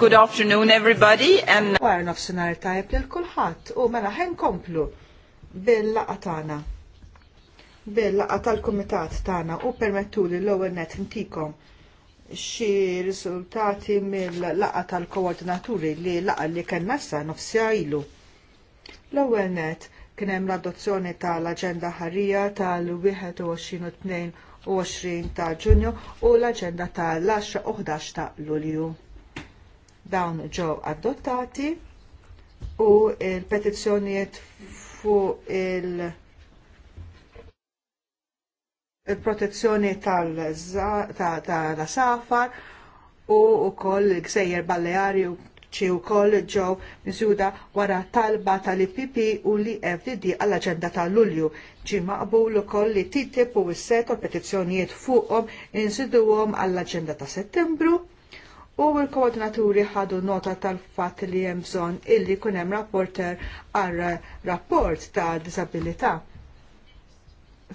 Good afternoon everybody and wara nofsinhar tajb lil kulħadd u mela ħen komplu bil-laqa tagħna. Bil-laqa tal-kumitat tagħna u permettuli l-ewwel net ntikom xi riżultati mill-laqa tal-koordinaturi li laqa li kellna sa nofsija ilu. L-ewwel net kien hemm l-adozzjoni tal-aġenda ħarrija tal-21 u 22 ta' Ġunju u l-aġenda tal-10 u 11 ta' Lulju dawn ġew adottati u il-petizzjonijiet fuq il- il-protezzjoni tal-safar u koll il-gżejjer balleari u ċi u koll ġew miżjuda wara talba tal-IPP u li FDD għall-aġenda tal-Lulju. Ġi maqbul ukoll li TTIP u s-set u petizzjonijiet fuqhom insiduhom għall-aġenda ta' Settembru u l-koordinaturi ħadu nota tal-fatt li hemm bżonn illi jkun hemm rapporter għal rapport ta' disabilità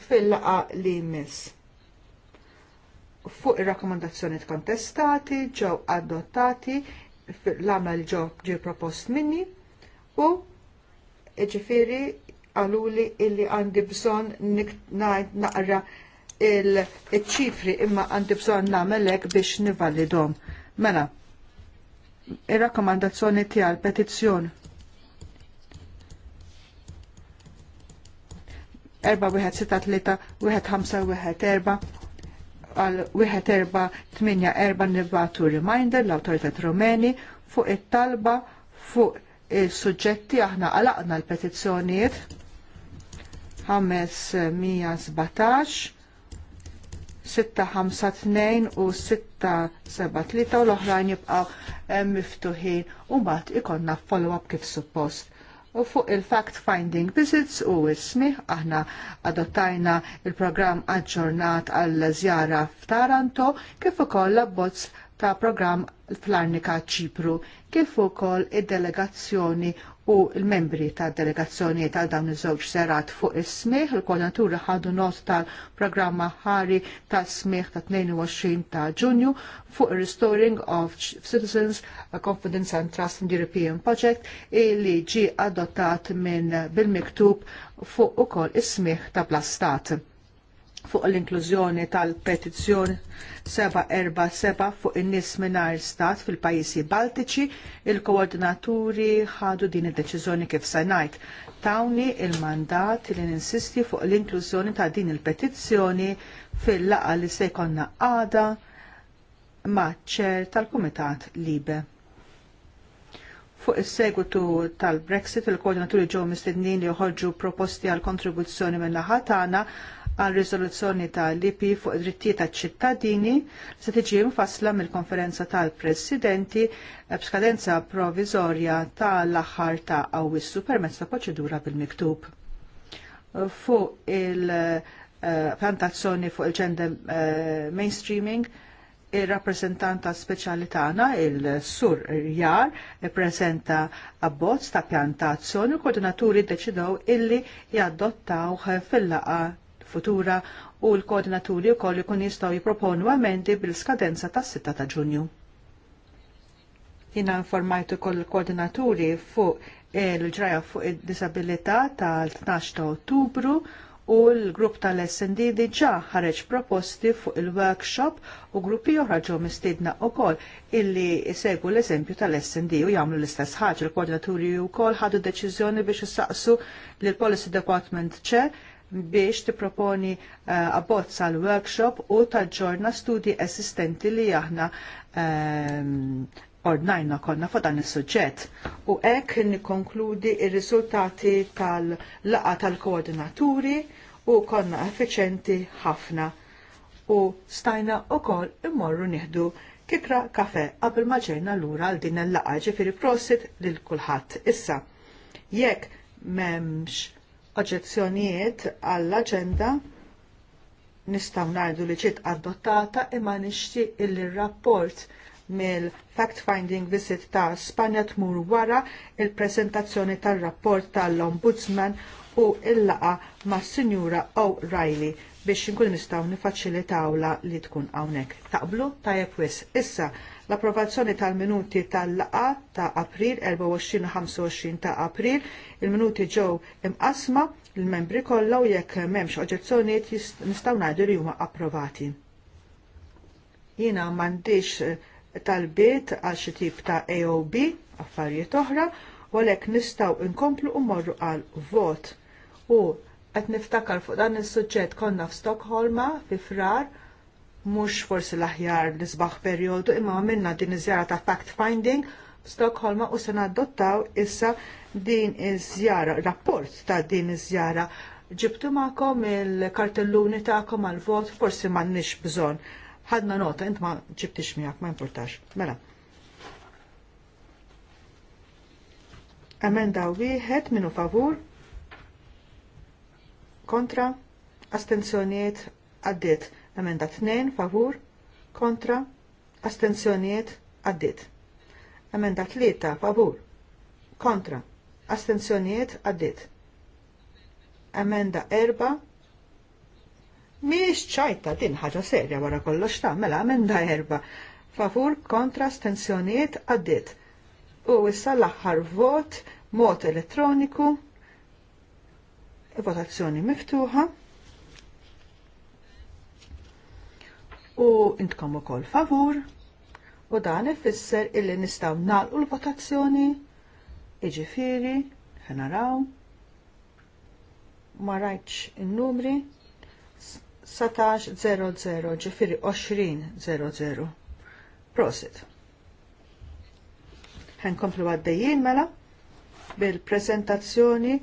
fil laqgħa li jmiss. Fuq ir-rakkomandazzjoni kontestati ġew adottati l-għamel ġew ġi propost minni u ġifiri għaluli illi għandi bżon naqra il-ċifri imma għandi bżon namelek biex nivalidom. Mela, ir-rakkomandazzjoni l petizzjon 4-1-6-3-1-5-1-4 għal 1-4-8-4 nibbatu reminder l-autoritet rumeni fuq it-talba fuq il-sujġetti aħna għalaqna l-petizzjonijiet 517 652 u 673 u l-oħrajn jibqa' eh, miftuħin u mbagħad ikonna follow-up kif suppost. U fuq il-fact-finding visits u ismiħ aħna adottajna il-programm aġġornat għall żjara f'Taranto kif ukoll l abbozz ta' programm fl-Arnika ċipru kif ukoll id-delegazzjoni u l-membri ta' delegazzjoni tal dawn iż-żewġ serat fuq is-smieħ, il-koordinaturi ħadu not tal-programma ħari ta' smieħ ta' 22 ta' Ġunju fuq Restoring of Citizens Confidence and Trust in the European Project li ġi adottat minn bil-miktub fuq ukoll is-smieħ ta' Plastat fuq l-inklużjoni tal-petizzjoni 747 fuq in-nies mingħajr stat fil-pajjiżi Baltiċi, il-koordinaturi ħadu din id-deċiżjoni kif se ngħid. Tawni il-mandat li ninsisti fuq l-inklużjoni ta' din il-petizzjoni fil laqgħa li se jkollna għada maċċer ċer tal-Kumitat Libe. Fuq is-segwitu tal-Brexit, il-koordinaturi ġew mistednin li joħorġu proposti għal kontribuzzjoni minn naħa tagħna għal riżoluzzjoni ta' Lipi ip fuq id-drittijiet ta' ċittadini se tiġi mfassla mill-konferenza tal-presidenti b'skadenza provizorja tal-aħħar ta' Awwissu permezz ta' proċedura bil-miktub. Fuq il-pjantazzjoni eh, fuq il-gender eh, mainstreaming, il-rappresentanta speċjali tagħna il-Sur Jar ippreżenta abbozz ta' pjantazzjoni u koordinaturi ddeċidew illi jadottawh fil-laqa futura u l-koordinaturi wkoll ikun jistgħu jipproponu amendi bil-skadenza tas-6 ta' Ġunju. Jiena informajt ukoll il-koordinaturi fuq il-ġraja fuq id-disabilità tal-12 ta' Ottubru u l-grupp tal-SND diġà ħareġ proposti fuq il-workshop u gruppi oħra mistidna u wkoll illi segu l-eżempju tal-SND u jagħmlu l-istess ħaġa l-koordinaturi wkoll ħadu deċiżjoni biex issaqsu lill policy Department ċe biex tipproponi uh, abbozz għal workshop u taġġorna studji assistenti li aħna um, ordnajna konna fuq dan is-suġġett. U hekk nikkonkludi r-riżultati tal laqgħa tal-koordinaturi u konna effiċenti ħafna u stajna wkoll immorru nieħdu kikra kafe qabel ma ġejna lura għal din il laqgħa ġifiri prosit lil kulħadd. Issa, jekk m'hemmx oġezzjonijiet għall-aġenda nistgħu ngħidu li ġiet adottata imma nixtieq illi rapport mill-fact-finding visit ta' Spanja tmur wara il preżentazzjoni tal-rapport tal-Ombudsman u il-laqa ma' Sinjura O'Reilly biex nkun nistgħu nifaċilitawla li tkun hawnhekk. Taqblu tajjeb wis. Issa l-approvazzjoni tal-minuti tal-laqa ta' april 24-25 ta' april, il-minuti ġew imqasma il-membri kollha jekk m'hemmx oġġezzjonijiet nistgħu ngħidu li huma approvati. Jiena m'għandix eh, tal-bit għal xi tip ta' AOB affarijiet oħra, u għalhekk nistgħu nkomplu u morru għal vot. U qed niftakar fuq dan is-suġġett konna f'Stokholma fi frar mhux forsi l-aħjar nisbaħ perjodu imma għamilna din iż-żjara ta' fact finding Stokholma u se nadottaw issa din iż-żjara, rapport ta' din iż-żjara. Ġibtu ma'kom il-kartelluni ta'kom għal-vot, forsi m'għandniex bżonn. Ħadna nota, int ma ġibtix miegħek, ma importax. Mela. u wieħed minu favur. Kontra. Astenzjoniet għaddit. Emenda 2 favur kontra astenzjonijiet għaddit. Emenda 3 favur kontra astenzjonijiet għaddit. Emenda 4 Miex ċajta din ħaġa serja wara kollox ta' mela emenda erba' favur kontra stenzjonijiet għaddit. U issa l-aħħar vot mod elettroniku votazzjoni miftuħa. u intkom ukoll favur u dan ifisser illi nistgħu nagħlqu l-votazzjoni iġifieri ħanaraw ma rajtx in-numri 17.00 ġifiri 20.00 Prosit Ħen komplu għaddejjien mela bil-prezentazzjoni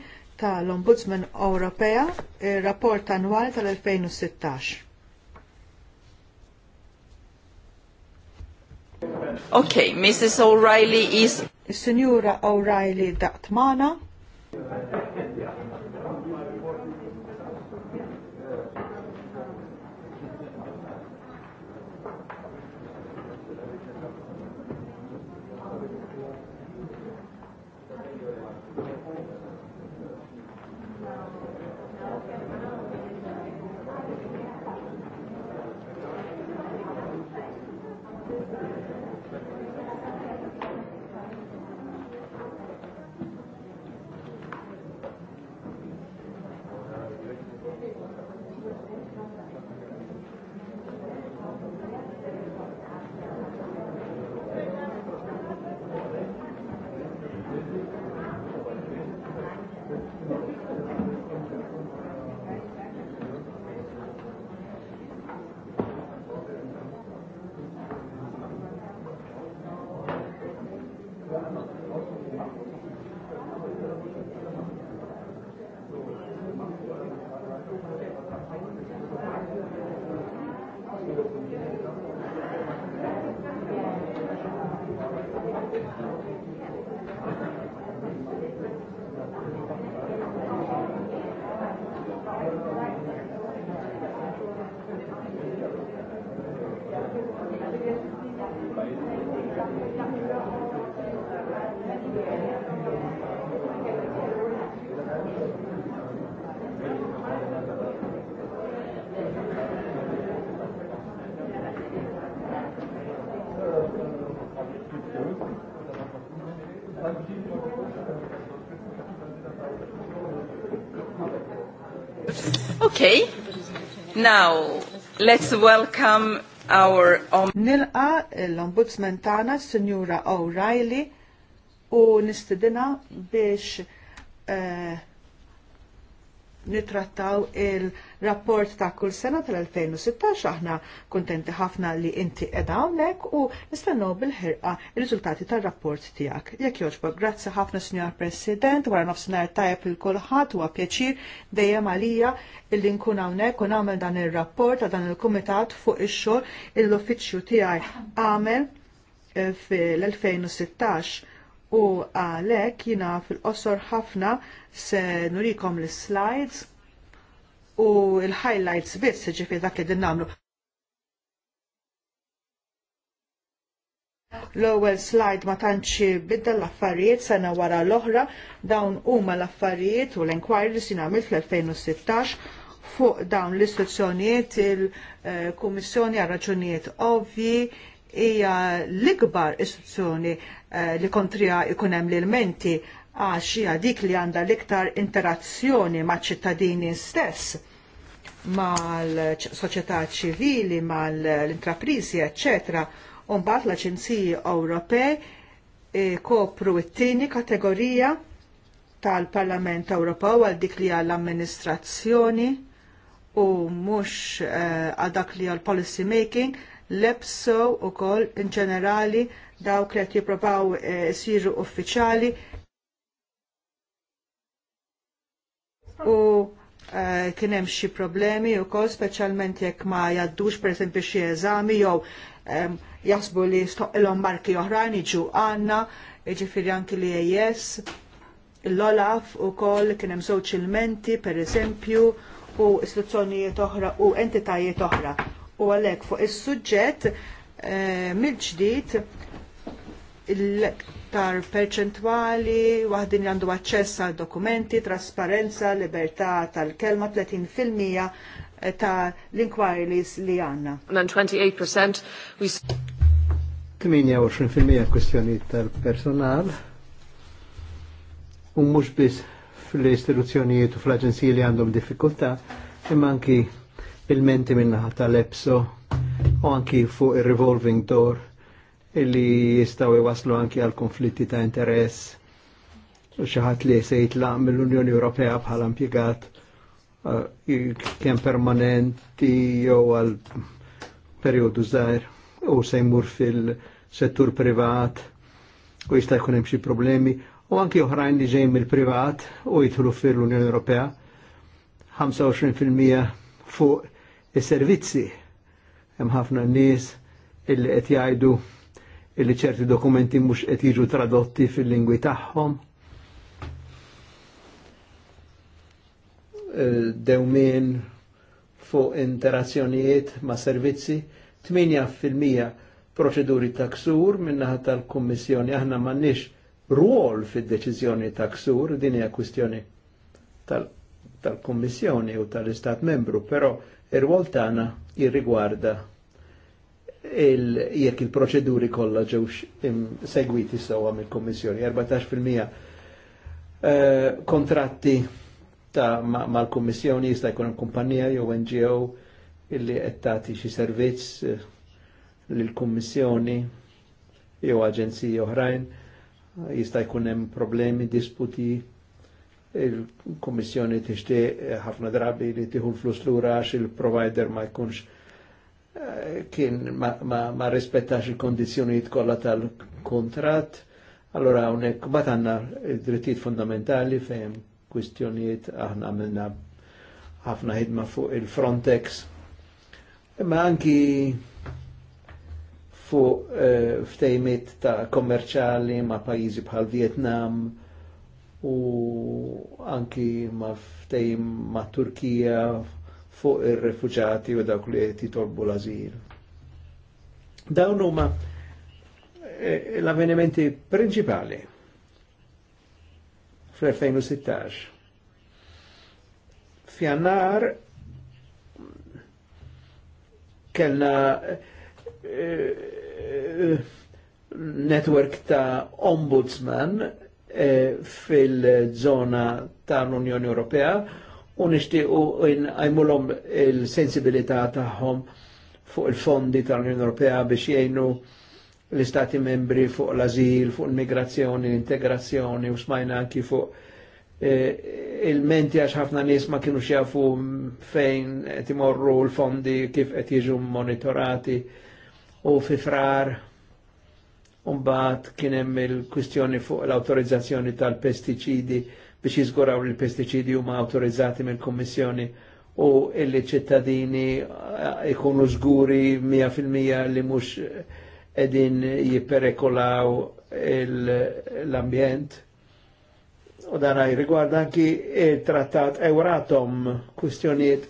tal-Ombudsman Ewropea, il-rapport annwali tal-2016. Okay, Mrs. O'Reilly is... Signora O'Reilly daqtmana. Okay. Now, let's welcome our... Nilqa l-ombudsman tana, Signora O'Reilly, u nistidina biex eh, nitrattaw il- rapport ta' kull sena tal-2016 aħna kuntenti ħafna li inti edha hawnhekk u nistennew bil-ħirqa il riżultati tar-rapport tiegħek. Jekk jogħġbok, grazzi ħafna Sinjor President, wara nofsinhar tajjeb il kolħat huwa pjaċir dejjem għalija illi nkun hawnhekk u nagħmel dan ir-rapport ta' dan il-kumitat fuq ix-xogħol l-uffiċċju tiegħi għamel eh, fil-2016 u għalek jina fil-qosor ħafna se nurikom l-slides u l-highlights biss ġifir dak li din nagħmlu. L-ewwel slide ma tantx bidda l-affarijiet sena wara l-oħra dawn huma l-affarijiet u l-inquiries jingħamil fl-2016 fuq dawn l-istituzzjonijiet il-Kummissjoni għal raġunijiet ovvi hija l-ikbar istituzzjoni eh, li kontrija jkun hemm l-elementi għax hija dik li għandha l-iktar interazzjoni maċ ċittadini stess mal-soċjetà ċivili, mal-intraprizi, eccetera, Unbat l-Aġenziji Ewropej eh, kopru it-tieni kategorija tal-Parlament Ewropew għal dik li għall amministrazzjoni u mhux eh, għal dak li għal policy making lebso u kol in ġenerali dawk li qed jipprovaw eh, isiru uffiċjali u Eh, kien hemm xi problemi wkoll speċjalment jekk ma jgħaddux pereżempju xi eżami jew jasbu li stoqilhom marki oħrajn jiġu għandna, jiġifieri anki li EJS, l-Olaf ukoll kien hemm żewġ ilmenti pereżempju u istituzzjonijiet oħra u entitajiet oħra. U għalhekk fuq is-suġġett eh, mill-ġdid l-iktar perċentwali waħdin li għandu aċċess għal dokumenti, trasparenza, libertà tal-kelma 30% eh, ta' l-inquiries li għanna. And 28% we 28% kwestjoni tal-personal u mhux biss fl-istituzzjonijiet u fl-aġenziji li għandhom diffikultà, imma anki bil menti minnaħa tal-EPSO u anki fuq il-revolving door illi jistaw iwaslu anki għal konflitti ta' interess u xaħat li se jitlaq mill-Unjoni Ewropea bħala impjegat uh, kemm permanenti jew għal periodu żgħir u se jmur fil-settur privat u jista' jkun hemm xi problemi u anki oħrajn li ġejjin mill-privat u jidħlu fil-Unjoni Ewropea 25% fuq is-servizzi hemm ħafna nies illi qed jgħidu illi ċerti dokumenti mhux qed jiġu tradotti fil-lingwi tagħhom. Eh, dewmien fuq interazzjonijiet ma' servizzi, 8% proċeduri ta' ksur minnaħa tal-Kummissjoni aħna m'għandniex ruol fid-deċiżjoni ta' ksur, din hija kwistjoni tal-Kummissjoni u tal-Istat membru, però ir-rwol tagħna jirrigwarda jekk il-proċeduri kollha ġewx segwiti sewwa mill-Kummissjoni. 14% eh, kontratti ta' mal-Kummissjoni jista' jkun kumpanija jew NGO illi qed tagħti xi servizz eh, lill-Kummissjoni jew aġenziji oħrajn jista' jkun hemm problemi, disputi, il-Kummissjoni tixtieq ħafna drabi li tieħu l-flus lura għax il-provider ma jkunx Eh, kien ma, ma, ma rispettax il kondizjoni kollha tal-kontrat, allora hawnhekk bat għandna drittijiet fundamentali fejn kwistjonijiet aħna għamilna ħafna ħidma fuq il-Frontex. Ma anki fuq uh, ta' kommerċali ma' pajjiżi bħal Vietnam u anki ma' ftejm ma' Turkija fuq ir-refuġati u dawk li qed jitolbu l-azil. Dawn huma eh, l-avvenimenti prinċipali fl-2016. Fjannar kellna eh, network ta' ombudsman eh, fil-zona l unjoni Ewropea u nixtiequ għajmulhom il-sensibilità tagħhom fuq il-fondi tal-Unjoni Ewropea biex jgħinu l-istati membri fuq l-azil, fuq l-migrazzjoni, l-integrazzjoni u smajna anki fuq eh, il-menti għax ħafna nies ma kienu xjafu fejn qed imorru l-fondi kif qed jiġu monitorati u fi frar un kien hemm il-kwistjoni fuq l-autorizzazzjoni tal-pestiċidi biex jizguraw li l-pesticidi huma autorizzati mill-Kommissjoni u illi ċittadini eh, ikunu żguri 100% li mhux edin jiperekolaw l-ambjent. U dan għaj rigward anki il-trattat Euratom kwistjoniet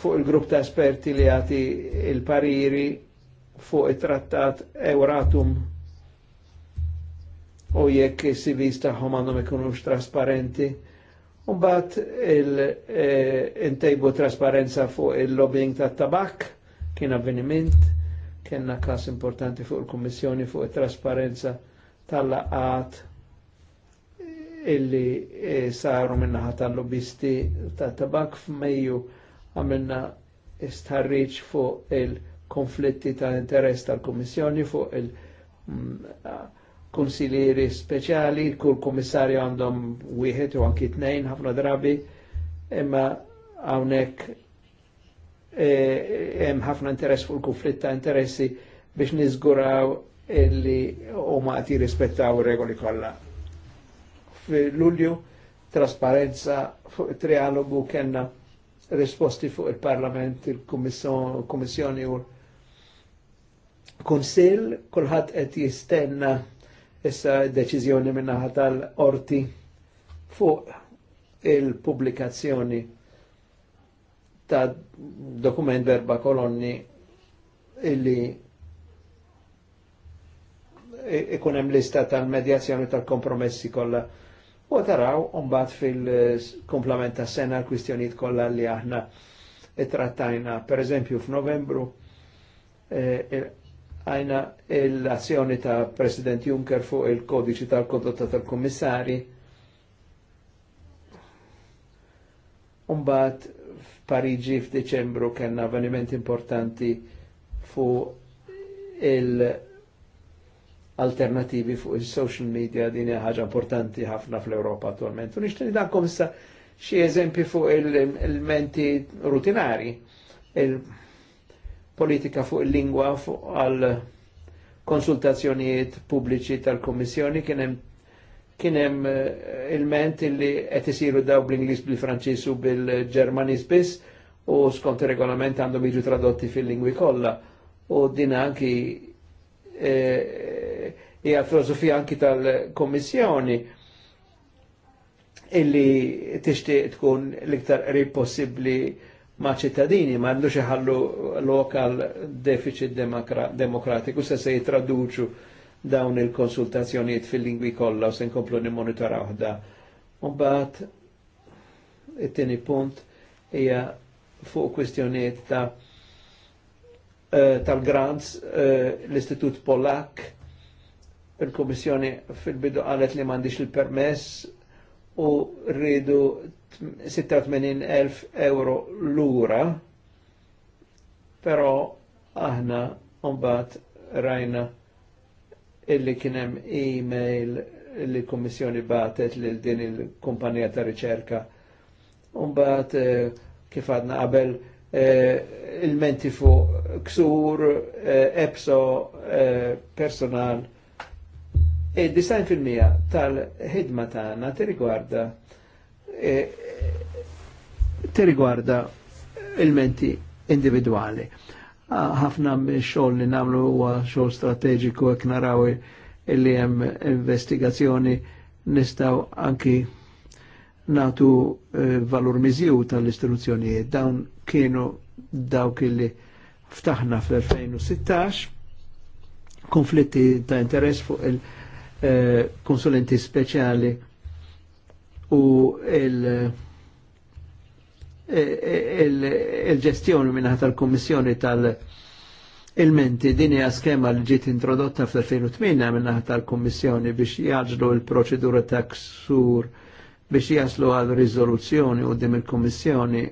fuq il-grupp ta' esperti li għati il-pariri fuq il-trattat Euratom u jekk is-CVs tagħhom għandhom ikunux trasparenti. Umbat il-intejbu eh, trasparenza fuq il-lobbying tat tabak kien avveniment, kienna kas importanti fuq il-Kommissjoni fuq il-trasparenza tal-laqat illi e, saru minnaħa tal-lobbisti tat tabak f'Mejju għamilna istħarriċ fuq il-konflitti ta' interess tal-Kommissjoni fuq il- mm, kunsiljeri speċjali, kull komissarju għandhom wieħed u anki tnejn ħafna drabi, imma hawnhekk e, hemm ħafna interess fuq il-konflitt ta' interessi biex niżguraw illi huma qed jirrispettaw ir-regoli kollha. Fil-Lulju trasparenza fuq trialogu kellna risposti fuq il-Parlament, il-Kummissjoni u l-Kunsill, kulħadd qed jistenna issa deċizjoni minnaħa tal-orti fuq il publikazzjoni ta' dokument verba kolonni illi ikunem lista tal-medjazzjoni tal-kompromessi kolla. U taraw mbagħad fil-komplement ta' sena l kwistjoniet kolla li aħna it trattajna. Per eżempju f'Novembru eh, għajna l-azzjoni ta' President Juncker fuq il-kodiċi tal-kondotta tal-kommissari. Umbat f'Pariġi f'Deċembru kena avveniment importanti fuq il-alternativi fuq il-social media din ħaġa importanti ħafna fl-Europa attualment. U dan komissa xi eżempi fuq il-menti rutinari. Il politika fuq il-lingwa fuq għal konsultazzjonijiet pubbliċi tal-Kommissjoni kien hemm eh, il-ment illi qed isiru daw bl-Ingliż bil-Franċiż u bil-Ġermaniż biss u skont ir-regolament għandhom jiġu tradotti fil-lingwi kollha. U din anki eh, hija e, filosofija anki tal-Kommissjoni illi tixtieq tkun l-iktar qrib possibbli ma' ċittadini ma' għandux iħallu lokal deficit demokratiku se se jitraduċu dawn il-konsultazzjoniet fil-lingwi kollha u se nkomplu nimmonitoraw ħda. Mbagħad it-tieni punt hija fuq kwistjonijiet ta' eh, tal-grants eh, l-Istitut Polak il-Komissjoni fil-bidu qalet li m'għandix il-permess u rridu 86.000 euro l-ura, pero aħna umbat rajna illi kienem e-mail li kommissjoni batet li din il-kumpanija ta' riċerka. Umbat eh, kif għadna qabel eh, il-menti fuq ksur, eh, epso, personal. E fil-mija tal-ħidma tagħna tirrigwarda E, ti rigwarda il-menti individuali. Ah, ħafna xogħol li nagħmlu huwa xogħol strateġiku hekk naraw illi hemm investigazzjoni nistgħu anki natu e, valur miżju tal istruzzjoni Dawn kienu dawk illi ftaħna fl-2016 konflitti ta' interess fuq il-konsulenti e, speċjali u il- il-ġestjoni il tal komissjoni tal-Ilmenti din hija skema li ġiet introdotta fl-2008 minnaħat tal komissjoni biex jaġlu l-proċedura ta' ksur biex jaslu għal rizoluzzjoni u dim il-Kommissjoni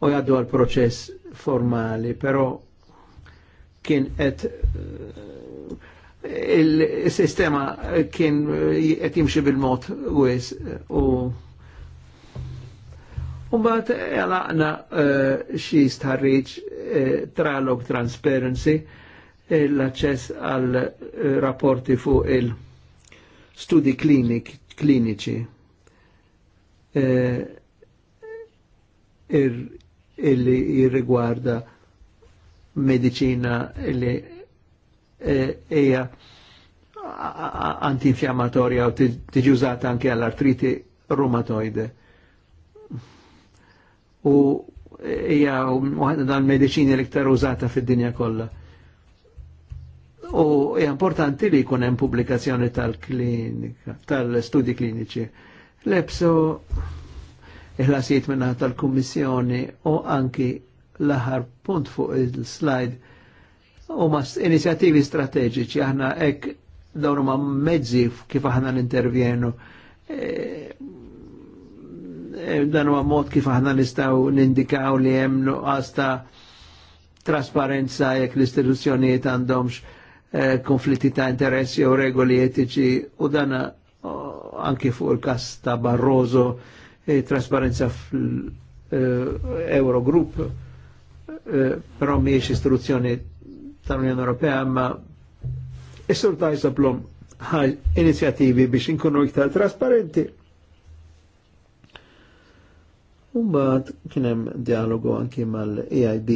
u jaddu għal proċess formali, però kien qed il-sistema kien qed jimxi bil-mod wis u Umbat għalaqna eh, xi xie starriċ uh, eh, transparency eh, l-access għal rapporti fuq il-studi klinik, kliniċi. illi jirrigwarda medicina illi E, eja antinfiammatorja u tiġi użata anke għall-artriti rumatoide. U hija waħda dan medicini li ktar użata fid-dinja kollha. U hija importanti li jkun hemm pubblikazzjoni tal-klinika, tal-studi kliniċi. Lepso il-ħasijiet minna tal-Kummissjoni u anki l-aħar punt fuq il-slide u ma inizjativi strategiċi aħna ek dawnu ma mezzi kif aħna nintervjenu intervjenu dan huwa mod kif aħna nistgħu nindikaw li hemm nuqqas ta' trasparenza jekk l-istituzzjonijiet għandhomx e, konflitti ta' interessi u regoli etiċi u dan anki fuq il-kas ta' Barroso e, trasparenza fl-Eurogroup e, però miex istruzzjoni tal-Unjoni Ewropea ma Is-sur ħaj inizjattivi biex inkunu iktar trasparenti. Umbat kienem dialogu anki mal-EIB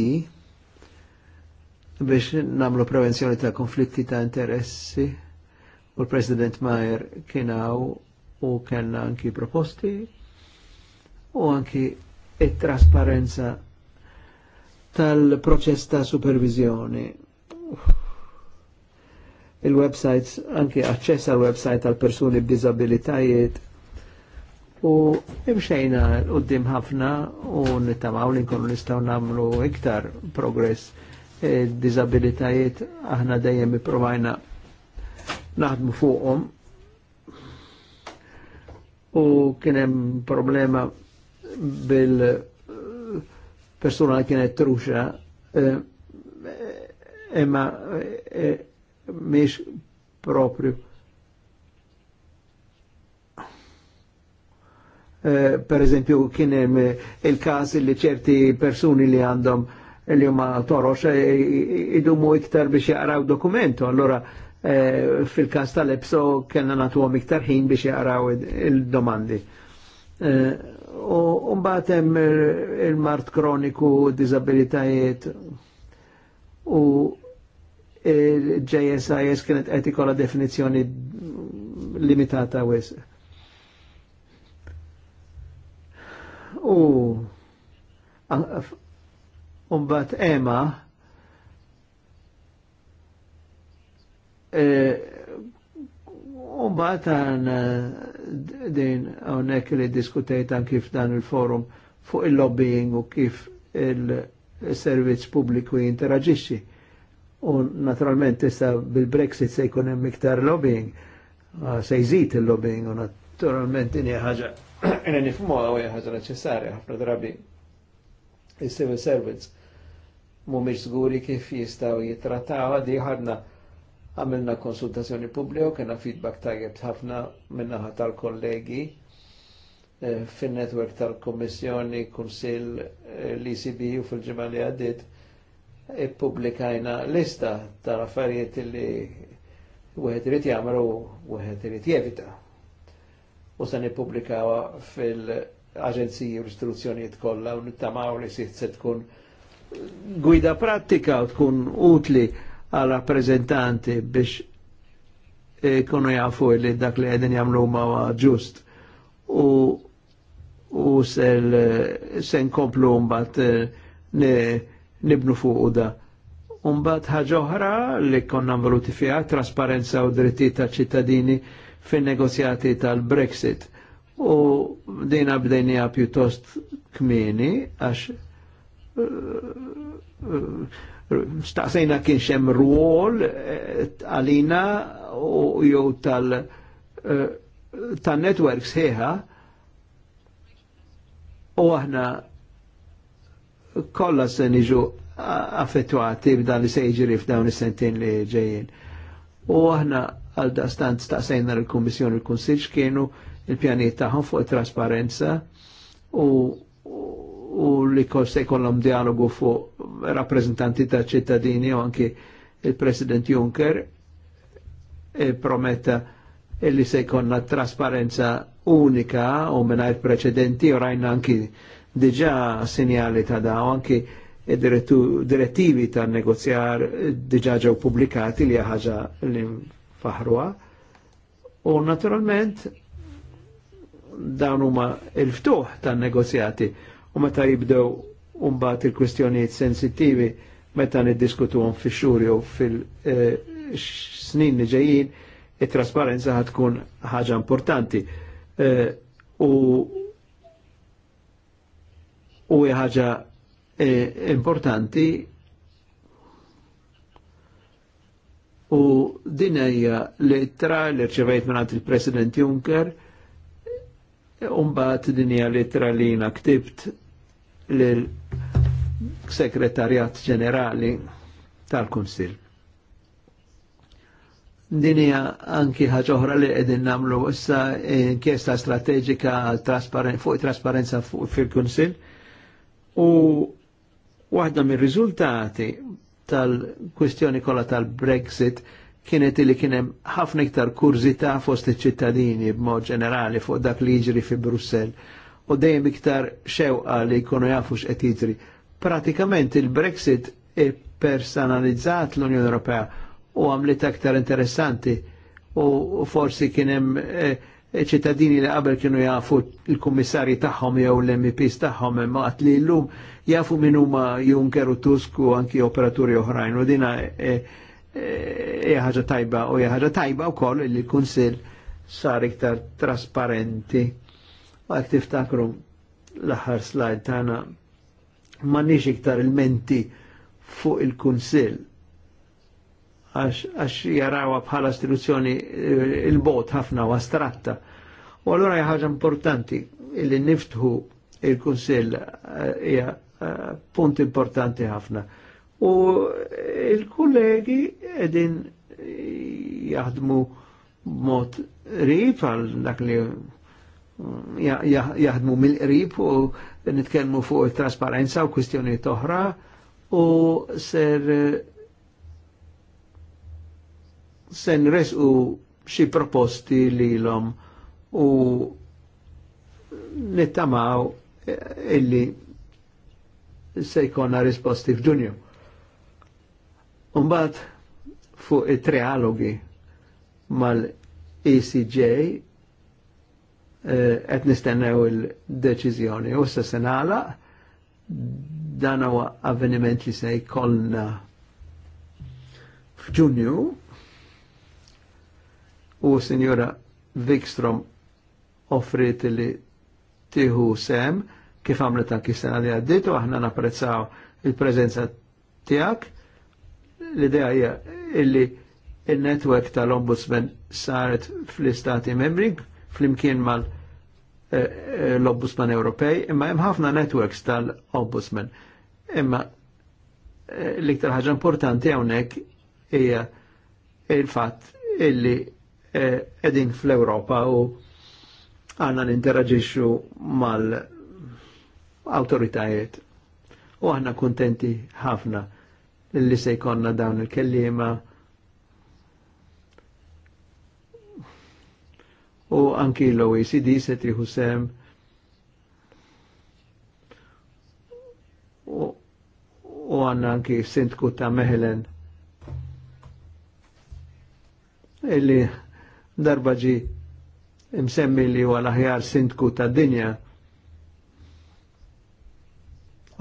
biex namlu prevenzjoni ta' konflitti ta' interessi u l-President Mayer kienaw u kellna anki proposti u anki it-trasparenza tal-proċess ta' supervizjoni il-websites, anki aċċess għal website għal persuni dizabilitajiet u imxejna l-qoddim ħafna u nittamaw li nkunu nistaw namlu iktar progress d-dizabilitajiet e, aħna dejjem provajna naħdmu fuqhom u kienem problema bil-persuna kienet truxa e, imma e, eh, eh, miex propju eh, per esempio kien il-każ li ċerti persuni li għandhom li huma torox idumu iktar biex jaqraw dokumentu. Allora fil-każ tal-EPSO kena natu nagħtuhom iktar ħin biex jaqraw il-domandi. U uh, il-mart kroniku, disabilitajiet, u jsis kienet qed ikolla definizzjoni limitata wis. U Umbat Ema Umbat e, għan din għonek li diskutejt għan kif dan il-forum fuq il-lobbying u kif il- servizz pubbliku jinteraġixxi. U naturalment issa bil-Brexit se jkun hemm iktar lobbying, ah, se jżid il-lobbying u naturalment inhi ħaġa inhi nifhmuha u hija ħaġa neċessarja ħafna drabi. Is-civil servants mhumiex żguri kif jistgħu jittrattaw di ħadna għamilna konsultazzjoni pubblika, kena feedback tajjeb ħafna minnaħa tal-kollegi Eh, fin-network tal-Kommissjoni, Kunsil, eh, l icb u fil-ġimgħa li għaddit ippubblikajna lista tal-affarijiet li wieħed irid jagħmel u wieħed irid jevita. U se nippubblikawha fil-aġenziji u l-istruzzjonijiet kollha u nittamaw li se tkun gwida pratika u tkun utli għal rappresentanti biex eh, ikunu jafu li dak li għedin jamlu ma ġust u u se nkomplu mbagħad eh, nibnu fuq da. Umbat ħaġa oħra li konna voluti fiha trasparenza u dritti ta' ċittadini fin-negozjati tal-Brexit. U dina bdejnija pjuttost kmini għax eh, staqsejna kien xem ruol eh, għalina u jew tal- ta' networks ħeħa u aħna kolla se niġu affettuati b'dan li se jiġri f'dawn is-sentin li ġejjin. U aħna għal daqstant staqsejna l-Kummissjoni l kunsilġ kienu il-pjaniet tagħhom fuq it-trasparenza u, u li kol se jkollhom dialogu fuq rappresentanti ta' ċittadini u anki il-President Juncker il e prometta illi se jkollna trasparenza unika u minnajt preċedenti u rajna anki diġa sinjali ta' da' anki direttivi ta' negozjar diġa ġew publikati li ħaġa li faħruwa. U naturalment dawn huma il-ftuħ tan negozjati u meta jibdew umbat il-kwistjonijiet sensittivi meta niddiskutuhom fix-xhur u fil-snin eh, li ġejjin it-trasparenza ħatkun ħaġa importanti Eh, u u ħaġa eh, importanti u din hija lettra li rċevejt minn il-President Juncker din dinja lettra li jina ktibt l-Sekretarjat Ġenerali tal-Konsil. Dinija anki ħaġa oħra li qegħdin nagħmlu issa eh, inkjesta strateġika fuq trasparenza fil-Kunsill u waħda mir-riżultati tal-kwistjoni kollha tal-Brexit kienet li kien hemm ħafna iktar kurzita fost iċ-ċittadini b'mod ġenerali fuq dak li jiġri fi Brussell u dejjem iktar xewqa li jkunu jafu x'qed jiġri. Pratikament il-Brexit e personalizzat l-Unjoni Ewropea u għamlit aktar interessanti u forsi kienem eh, ċittadini li qabel kienu jafu il kommissari tagħhom jew l-MPs tagħhom imma qatt li llum jafu min huma Juncker u Tusk u anki operaturi oħrajn u dina eh, eh, hija ħaġa tajba u hija ħaġa tajba wkoll li l-Kunsill sar iktar trasparenti. Għak tiftakru l-aħħar slide tagħna m'għandniex iktar il-menti fuq il-Kunsill għax jarawa bħala istituzzjoni eh, il-bot ħafna u astratta. U allora ħaġa importanti il-li niftħu il-Kunsill eh, hija eh, punt importanti ħafna. U il-kollegi edin jaħdmu mod rif għal dak li jaħdmu mill-qrib u nitkellmu fuq it-trasparenza u kwistjoni toħra u ser sen res u xi proposti li l-om u nittamaw eh, illi se jkonna risposti f'dunju. Umbat fuq it-trialogi mal-ECJ eh, qed nistennew il-deċiżjoni u se senala dan huwa avveniment li se jkollna f'Ġunju u Sinjura Wikstrom offrit li tiħu sem kif għamlet anki sena li għaddit u aħna napprezzaw il-prezenza tijak. L-idea hija illi il-network tal-ombudsman saret fl-istati membri fl-imkien mal eh, eh, l-ombudsman Ewropej, imma hemm ħafna networks tal-ombudsman. Imma eh, l-iktar ħaġa importanti hawnhekk hija il-fatt illi edin fl-Europa u għanna ninteraġiċu mal-autoritajiet. U għanna kontenti ħafna li se jkonna dawn il-kellima u anki l-OECD se triħu sem u għanna anki sindku ta' meħlen illi darba ġi imsemmi li huwa l-aħjar sindku ta' dinja.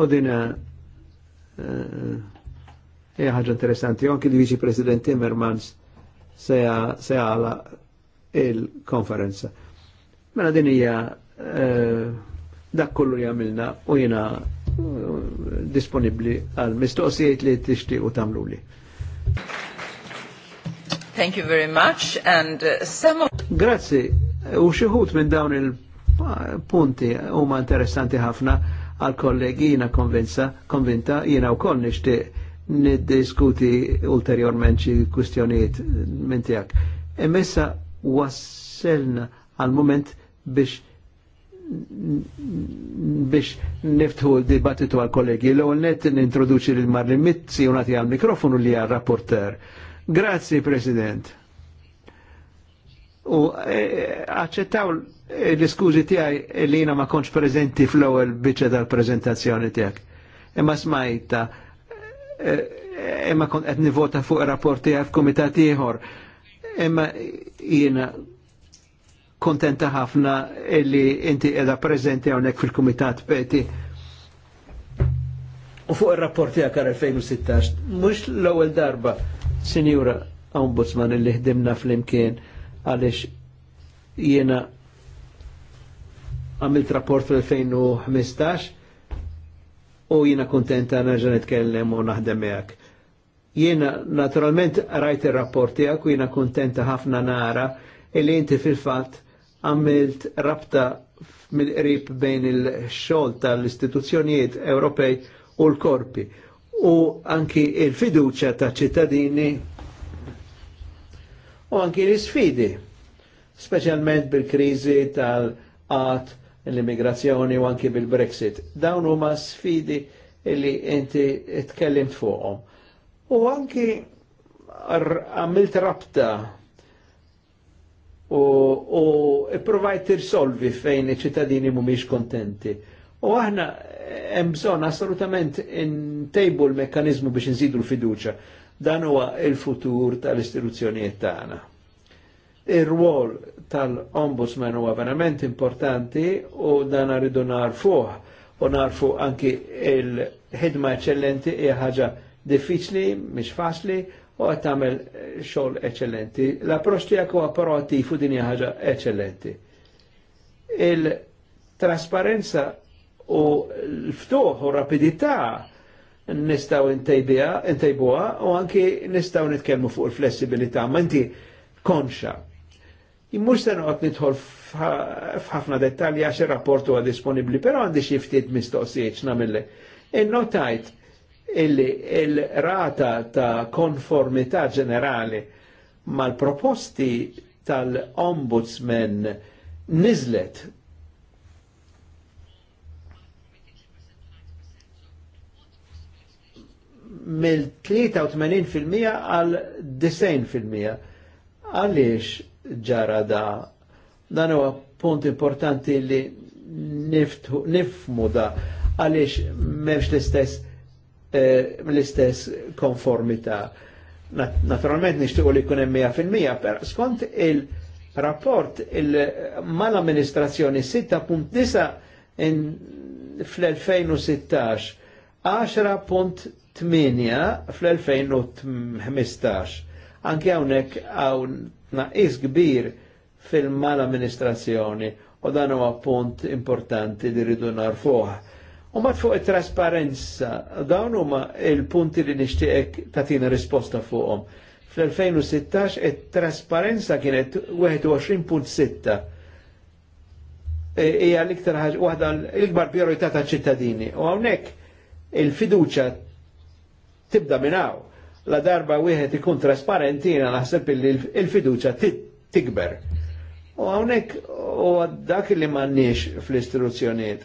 U dina eh, hija ħaġa interessanti, anki l-Viċi President Timmermans se għala il-konferenza. Mela din hija eh, dak kollu li għamilna u jina eh, disponibli għal mistoqsijiet li t tixtiequ u tamluli. Thank you very much. And uh, some of... Grazie. U xieħut minn dawn il-punti huma interessanti ħafna għal kollegi jina konvinta, konvinta jina u koll nishtiq niddiskuti ulterjorment xi kwistjonijiet minn tiegħek. Imessa wasselna għal moment biex biex niftħu l-dibattitu għal kollegi. L-ewwel nett nintroduċi lil Marlin Mizzi u nagħti għal mikrofonu li għal rapporter. Grazzi, President. U eh, accettaw eh, l-iskużi tiegħi li jina ma konċ prezenti fl-ewwel biċċa tal prezentazzjoni tiegħek. Imma smajta, eh, imma kont qed nivota fuq rapport tiegħek f'kumitat ieħor. Imma jiena kontenta ħafna li inti qiegħda preżenti hawnhekk fil-kumitat peti. U fuq ir-rapport tiegħek għal 2016, mhux l-ewwel darba Sinjura Ombudsman illi ħdimna fl-imkien għalix jena għamilt rapport fl-2015 u jena kontenta nerġa nitkellem u naħdem miegħek. Jena naturalment rajt ir-rapport tiegħek u jena kontenta ħafna nara illi jinti fil-fatt għamilt rabta mill-qrib bejn il-xogħol tal-istituzzjonijiet Ewropej u l-korpi u anki il-fiduċa ta' ċittadini u anki l-sfidi, specialment bil-krizi tal-qat, l-immigrazzjoni u anki bil-Brexit. Dawn huma sfidi li inti tkellimt fuqhom. U anki għamilt rabta u, u provajt tirsolvi fejn iċ-ċittadini mhumiex kontenti. U aħna hemm bżonn assolutament intejbu l-mekkaniżmu biex inżidu l-fiduċa. Dan huwa il-futur tal-istituzzjonijiet tagħna. Ir-rwol tal-ombudsman huwa verament importanti u dan rridu narfuh u narfu anki il-ħidma eccellenti hija ħaġa diffiċli, mhix faċli, u qed tagħmel xogħol eccellenti. L-approċċ tiegħek huwa proattiv u din hija ħaġa eccellenti. Il-trasparenza u l-ftuħ u rapidità nistaw intejbuha u anki nistaw nitkellmu fuq il-flessibilità, ma inti konxa. Immux se noqgħod nidħol f'ħafna dettalji għax il rapport huwa disponibbli, però għandi xi ftit mistoqsijiet nagħmilli. il e illi il-rata ta' konformità ġenerali mal-proposti tal-ombudsman nizlet mill-83% għal 90%. Għaliex ġara da? Dan huwa punt importanti li nifmu da għaliex m'hemmx l-istess eh, l-istess konformità. Naturalment nixtiequ li jkun hemm 100%, per skont il-rapport il-mal-amministrazzjoni 6.9 fl-2016 10.0 fl-2015. Anke hawnhekk hawn naqis kbir fil-mal-amministrazzjoni u dan huwa punt importanti li rridu narfuh. U mat fuq it-trasparenza, dawn huma il-punti li nixtieqek tagħtina risposta fuqhom. Fl-2016 it-trasparenza kienet 21.6 e, hija e, l-iktar ħaġa waħda l-ikbar priorità ta' ċittadini. U hawnhekk il-fiduċa tibda minnaw. La darba wieħed ikun trasparenti jena naħseb illi l-fiduċa tikber. U għawnek u dak li m'għandniex fl-istruzzjoniet.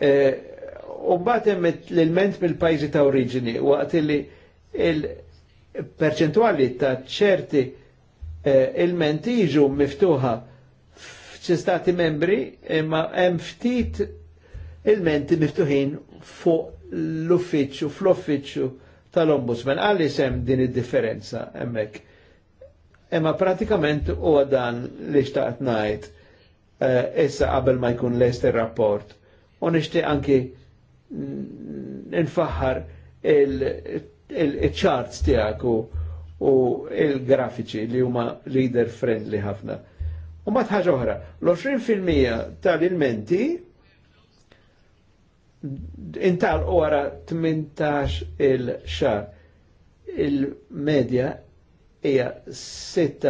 E, u batem l-ment mill-pajzi ta' oriġini waqt li il-perċentuali ta' ċerti e, il-ment jiġu miftuħa f'ċi stati membri imma hemm ftit il-menti miftuħin fuq l-uffiċċju, fl-uffiċċju tal-ombudsman, għalli sem din id-differenza emmek. Emma pratikament u għadan li xtaqt najt, eh, issa qabel ma jkun lest il-rapport, u nishti anki nfaħar il-charts tijak u, il-grafiċi li huma leader friendly ħafna. U ma tħaġa oħra, l-20% tal-ilmenti intal wara 18 il-xar il-medja hija 6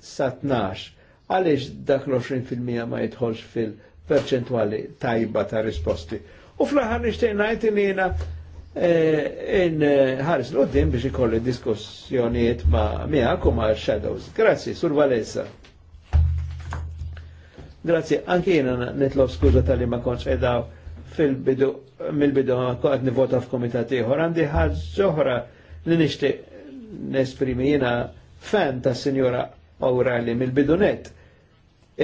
sa 12 għaliex dak l-20% ma jidħolx fil-perċentwali tajba ta' risposti. U fl-aħħar nixtieq ngħid li eh, in ħares l-qoddim biex ikolli diskussjonijiet ma' miegħek u ma' shadows. Grazzi, Sur Valessa. Grazzi, anki jiena nitlob skuża tal-li ma konċ edaw fil-bidu mill-bidu għad nivota f'komitat ieħor għandi ħadd ġoħra li nixtieq nesprimi jiena fan ta' Sinjora Awrali mill-bidunet.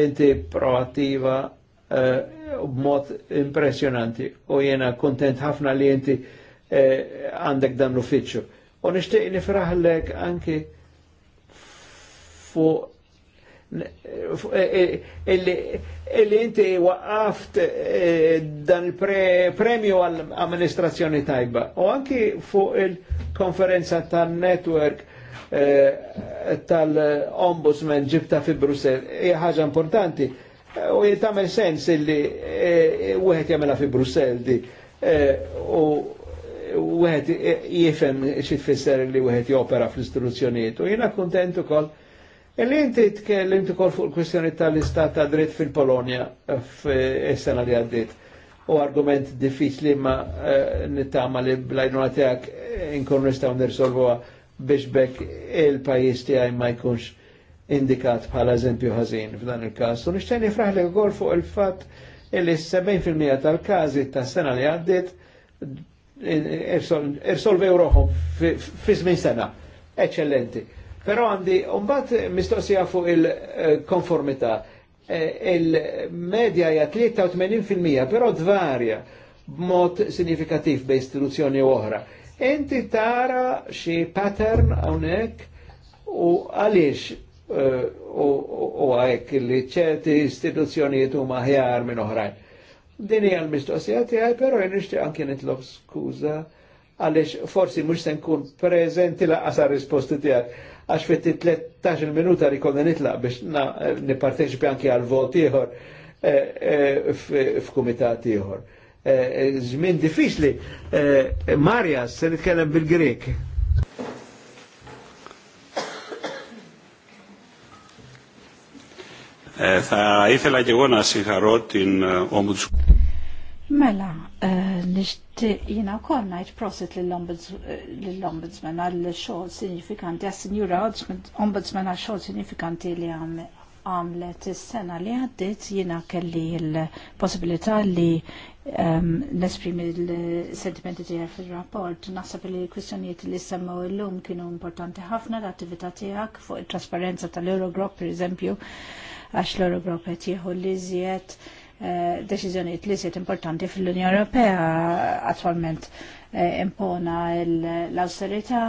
Inti proattiva eh, b'mod impressjonanti u jiena kontent ħafna li inti eh, għandek dan l-uffiċċju. U nixtieq nifraħlek anki fuq Eh, eh, illi inti waqqaft eh, dan il-premju għall-amministrazzjoni tajba. U anki fuq il-konferenza tal-network tal-ombudsman ġibta fi Brussel, hija ħaġa importanti. U jitamel sens illi wieħed jagħmilha fi Brussel di u wieħed jifhem xi tfisser li wieħed jopera fl-istituzzjonijiet. U jiena kuntent ukoll Illi inti tkellimt kol fuq il-kwistjoni tal-istat ta' dritt fil polonia eh, f sena li għaddiet u argument diffiċli ma eh, nittama li blajnuna tiegħek eh, inkun nistaw nirsolvuha biex bekk il-pajjiż tiegħi ma jkunx indikat bħala eżempju ħażin f'dan il-każ. U nixtieq nifraħ li fuq il-fatt illi 70% tal kazi tas-sena li għaddiet irsolvew roħom fi żmien sena. Eċċellenti. Eh, eh, però għandi, umbat mistoqsija fuq il konformita Il-medja ja 83%, però dvarja mod signifikativ bej istituzzjoni oħra. Enti tara xi pattern hawnhekk u għaliex eh, u għajk li ċerti istituzzjonijiet huma ħjar minn oħrajn. Din hija l-mistoqsija tiegħi, però nixtieq anke nitlob skuża għaliex forsi mhux se nkun preżenti laqas risposti tiegħek għax fit 13 minuta rikolna nitlaq biex eh, nipparteċipi anki għal vot ieħor eh, eh, f'kumitat ieħor. Żmien diffiċli. Marjas, se nitkellem bil-Grek. Θα ήθελα και εγώ να συγχαρώ την Ombudsman. Μέλα, Eh, Nishti jina kol ngħid prosit lill-Ombudsman għall-xogħol sinifikanti għas-Sinjura Ombudsman għall xogħol sinifikanti għas sinjura ombudsman għal xogħol sinifikanti li għamlet is-sena li għaddit jina kelli l-possibilità li ehm, nesprimi l-sentimenti tiegħek fil-rapport. Nasab li l-kwistjonijiet li semmew illum kienu importanti ħafna l-attività tiegħek fuq it-trasparenza tal-Eurogroup, per eżempju, għax l-Eurogroup qed jieħu li Eh, deċiżjonijiet li siet importanti fil-Unjoni Ewropea attualment eh, impona l-austerità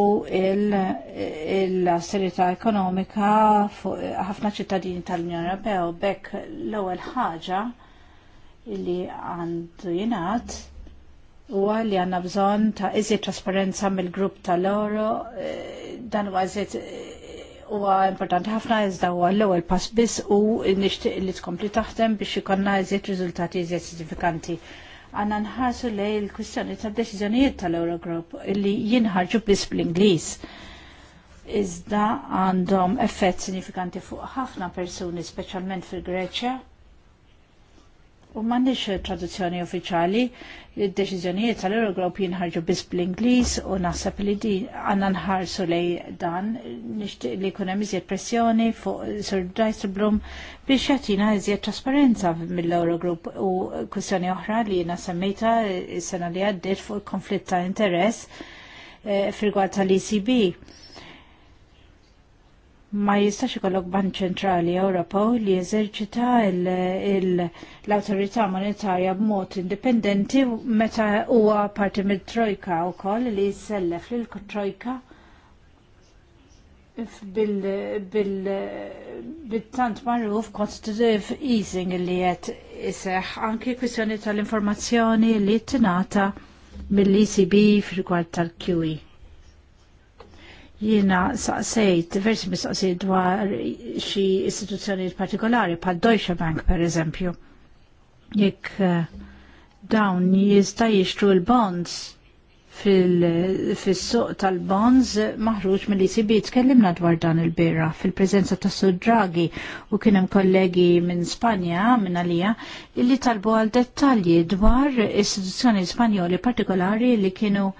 u l-austerità ekonomika fuq eh, ħafna ċittadini tal-Unjoni Ewropea u bekk l-ewwel ħaġa li għandu jingħad huwa li għandna bżonn ta' iżjed trasparenza mill-grupp tal-oro dan huwa huwa importanti ħafna iżda huwa l-ewwel pass biss u nixtieq li tkompli taħdem biex ikonna eżiet riżultati eżiet sinifikanti. Għanna nħarsu li il-kwistjoni tad deċiżjonijiet tal-Eurogroup li jinħarġu biss bl-Ingliż iżda għandhom effett sinifikanti fuq ħafna persuni, speċjalment fil-Greċja, U m'għandix traduzzjoni uffiċjali, il deċiżjonijiet tal-Eurogroup jinħarġu biss bl-Ingliż u naħseb li di għandna nħarsu lej dan nixtieq li jkun hemm iżjed pressjoni fuq Sir Dijsselblum biex jatina iżjed trasparenza mill-Eurogroup u kwistjoni oħra li jina semmejta s-sena li għaddiet fuq il-konflitt ta' interess eh, firgwad tal-ECB ma jistax ikollok Bank Ċentrali Ewropew li jeżerċita l-Awtorità Monetarja b'mod indipendenti meta huwa parti mit-Trojka wkoll li jsellef lil Trojka bil-tant marruf quantitative easing li qed iseħ Anke kwistjoni tal-informazzjoni li tingħata mill-ECB fil-rigward tal-QE Jina saqsejt diversi saqsejt dwar xi istituzzjonijiet partikolari bħal Deutsche Bank per eżempju. Jekk eh, dawn jista' jixtru l-bonds fil-suq tal-bonds maħruġ mill ICB tkellimna dwar dan il-bira fil-prezenza ta' sud Draghi u kien hemm kollegi minn Spanja minn għalija illi talbu għal dettalji dwar istituzzjoni Spanjoli partikolari li kienu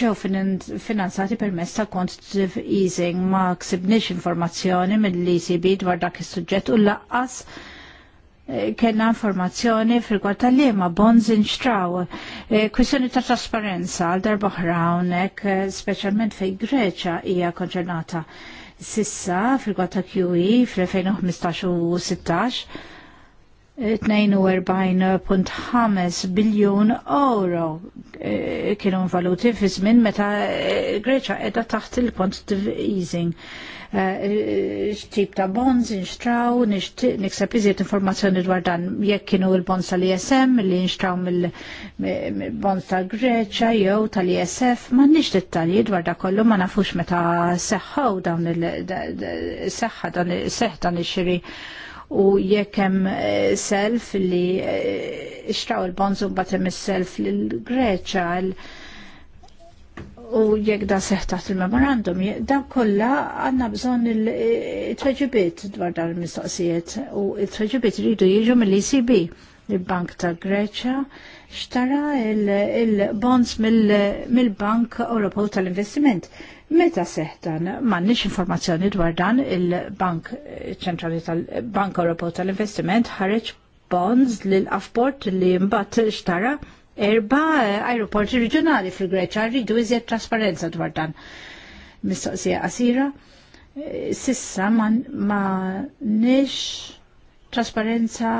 ġew finanzati permess ta' quantitative easing ma ksibniex informazzjoni mill-ECB dwar dak is-suġġett u laqqas eh, kena informazzjoni fil-gwar tal-liema bonds straw. Eh, Kwissjoni ta' trasparenza għal darba hawnhekk eh, speċjalment fejn Greċja hija konċernata sissa fil-gwar ta' QE fil-2015 u 16 42.5 biljun euro eh, kienu valuti fi żmien meta eh, Greċa qiegħda taħt il-quantitative easing. Eh, x'tip ta' bonds inxtraw, niksab iżjed informazzjoni dwar dan jekk kienu l-bonds tal-ISM li nxtraw mill-bonds tal-Greċa jew tal-ISF, m'għandniex dettalji dwar da kollu ma nafux meta seħħaw dawn il-seħħa dan is-xiri u jekk hemm eh, self li eh, ixtaw il bonzu u mbagħad hemm self l Greċa u jekk da seħtaħt il-memorandum, da kollha għandna bżonn il-tweġibiet eh, dwar dar il-mistoqsijiet u il-tweġibiet rridu jiġu mill-ECB il-Bank ta' Greċa xtara il-bonds mill-Bank Europol tal-Investiment Meta seħtan, m'għandniex informazzjoni dwar dan il-Bank ċentrali tal-Bank Ewropew tal-Investiment ħareġ bonds l afport li mbagħad xtara erba aeroporti regionali fil-Greċja rridu iżjed trasparenza dwar dan. Mistoqsija qasira, sissa ma nix trasparenza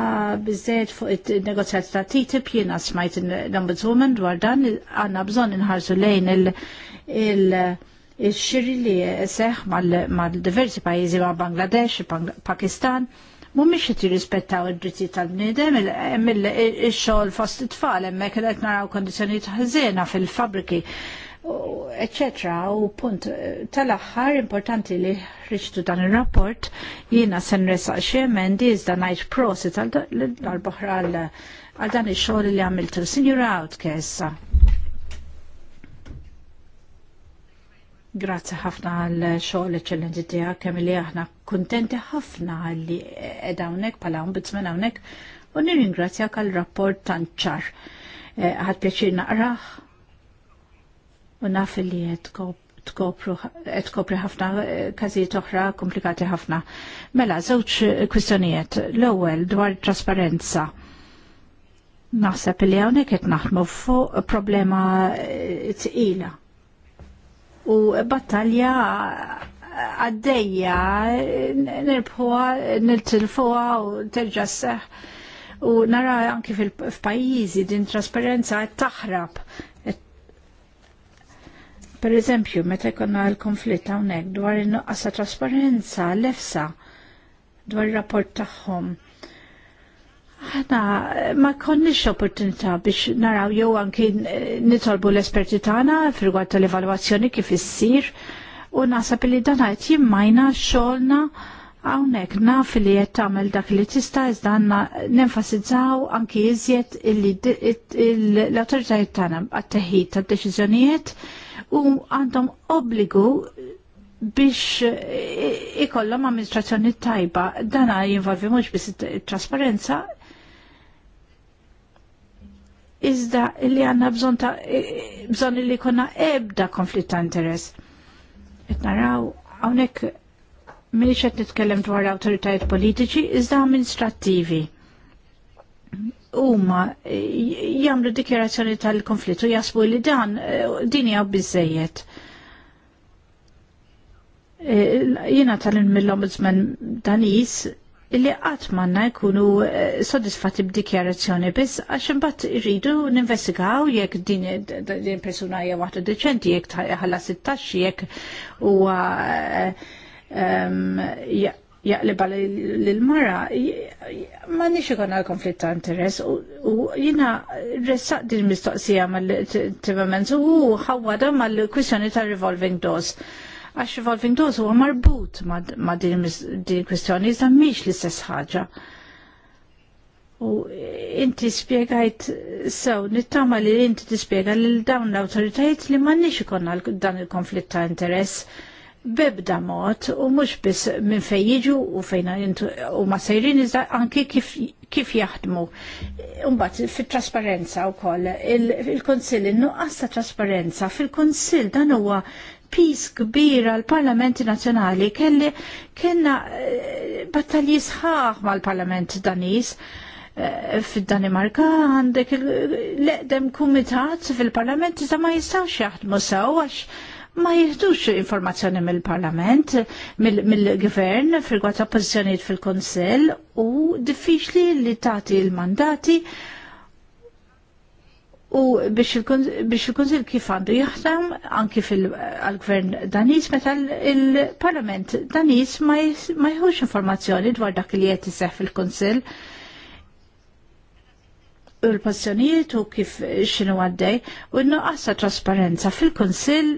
bizzed fuq il-negozjati ta' TTIP jena smajt l-ombudswoman dwar dan għanna bżon inħarsu lejn il- il-xiri li seħ mal-diversi pajizi ma' Bangladesh, Pakistan, mumiex qed jirrispettaw id-dritti tal-bniedem, hemm il-xogħol fost it-tfal hemmhekk qed naraw kondizzjonijiet ħażena fil-fabriki, etc. u punt tal-aħħar importanti li rriċtu dan ir-rapport jiena se nresaq xi emendi iżda ngħid prosi tal-boħra għal dan ix xol li għamiltu. Sinjura kessa. Grazzi ħafna għal xogħol eċċellenti tiegħek kemm li aħna kuntenti ħafna li qed hawnhekk bħala ombudsman hawnhekk u nirringrazzjak għal rapport tant ċar. Eh, Ħadd pjaċir naqrah u naf li qed kopri ħafna eh, każijiet oħra komplikati ħafna. Mela, żewġ kwistjonijiet. L-ewwel dwar trasparenza. Naħseb li hawnhekk qed naħdmu fuq problema eh, tqila u battalja għaddejja nirbħuha, niltilfuha u terġa' seħ. U nara anki fil pajizi din trasparenza qed taħrab. Per eżempju, meta jkollna l-konflitt hawnhekk dwar in nuqqasa trasparenza l-efsa dwar ir-rapport tagħhom ħana ma konniex opportunità biex naraw jew anki eh, nitolbu l-esperti tagħna f'rigward tal-evalwazzjoni kif issir u nasab li dan qed jimmajna xogħolna hawnhekk naf li qed tagħmel dak li tista' iżda għandna nenfasizzaw anki iżjed l-awtoritajiet tagħna għat-teħid tad-deċiżjonijiet u għandhom obbligu biex eh, ikollhom amministrazzjoni tajba dana jinvolvi mhux biss it-trasparenza iżda li għanna bżon ta' e, e, bżon li konna ebda konflitt ta' interess. Et naraw, għonek minni xed nitkellem dwar autoritajiet politiċi, iżda amministrativi. Uma e, jamlu dikjerazzjoni tal-konflitt u jasbu li dan dini għaw bizzejiet. Jena tal-in mill-ombudsman Danis illi qatt manna jkunu soddisfatti b'dikjarazzjoni biss għax imbagħad iridu ninvestigaw jekk din din persuna hija waħda deċenti jekk ħallas it-taxxi jekk huwa jaqliba l-mara ma nix ikon għal konflitt ta' interess u jina ressaq din mistoqsija mal-timmerments u ħawada mal-kwissjoni ta' revolving doors għax revolving doors huwa marbut ma' din il-kwistjoni, iżda mhix l-istess ħaġa. U inti spiegajt sew, nittama li inti tispjega lil dawn l-awtoritajiet li m'għandniex ikonna dan il-konflitt ta' interess bebda mod u mhux biss minn fejn jiġu u fejn u ma sejrin iżda anki kif, kif jaħdmu. Mbagħad fit-trasparenza wkoll il konsil il-nuqqas ta' trasparenza fil-Kunsill dan huwa pis kbir għal parlamenti nazjonali kelli kena eh, battalji sħaħ mal parlament danis eh, fil-Danimarka għandek l-eqdem kumitat fil-parlament ta ma jistaw jaħdmu sew għax ma jihdux informazzjoni mill-parlament, mill-gvern, fil għat pozizjoniet fil-konsil u diffiċli li tati il-mandati il mandati u biex il konsil kif għandu jaħdem anki fil-gvern danis meta il-Parlament danis ma jħux informazzjoni dwar dak li qed iseħħ fil konsil u l-pozizjonijiet u kif xinu għaddej u n-nuqqas trasparenza fil-Kunsill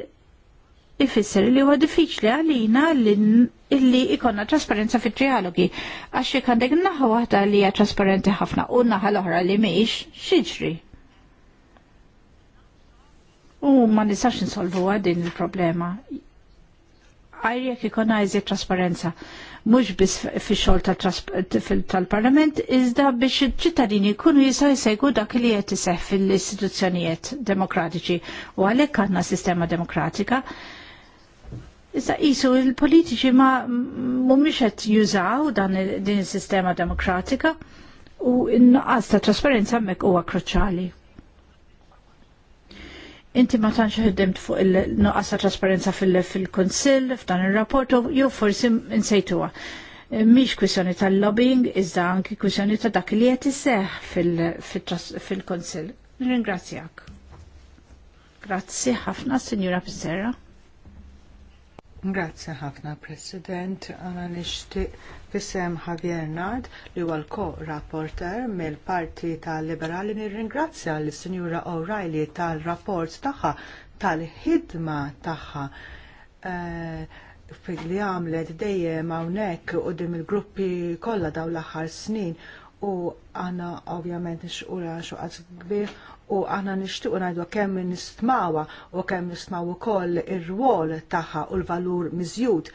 ifisser li huwa diffiċli għalina li ikonna trasparenza fit trialogi għax jekk għandek naħa waħda li hija trasparenti ħafna u naħa l-oħra li mhix xiġri. U ma nistax nsolvu din il-problema. Għajr jek ikonna trasparenza, mux bis fi xol tal-parlament, iżda biex ċittadini kunu jisaj sejgu dak li jett iseħ fil-istituzzjonijiet demokratiċi u għalek għanna sistema demokratika. Issa jisu il-politiċi ma mumiex qed jużaw dan din is-sistema demokratika u n-nuqqas ta' trasparenza mek huwa kruċali Inti ma tantx ħeddimt fuq il-nuqqas ta' trasparenza fil-Konsill, f'dan ir-rapport, jew forsi nsejtuha. Mhix kwissjoni tal-lobbying, iżda anki kwissjoni ta' dak li qed iseħħ fil-Konsill. Nirringrazzjak. Grazzi ħafna, Sinjura Pissera. Grazie ħafna President, għana nishtiq fissem Javier Nard li huwa l-ko-rapporter mill-Parti tal-Liberali nirringrazzja l-Sinjura O'Reilly tal-rapport tagħha tal-ħidma tagħha eh, li għamlet dejjem hawnhekk u dim il-gruppi kollha dawn l-aħħar snin u għana ovvjament nxqura xoqat kbir u aħna nixtiequ ngħidu kemm nistmawa u kemm nistmaw ukoll ir-rwol tagħha u l-valur miżjud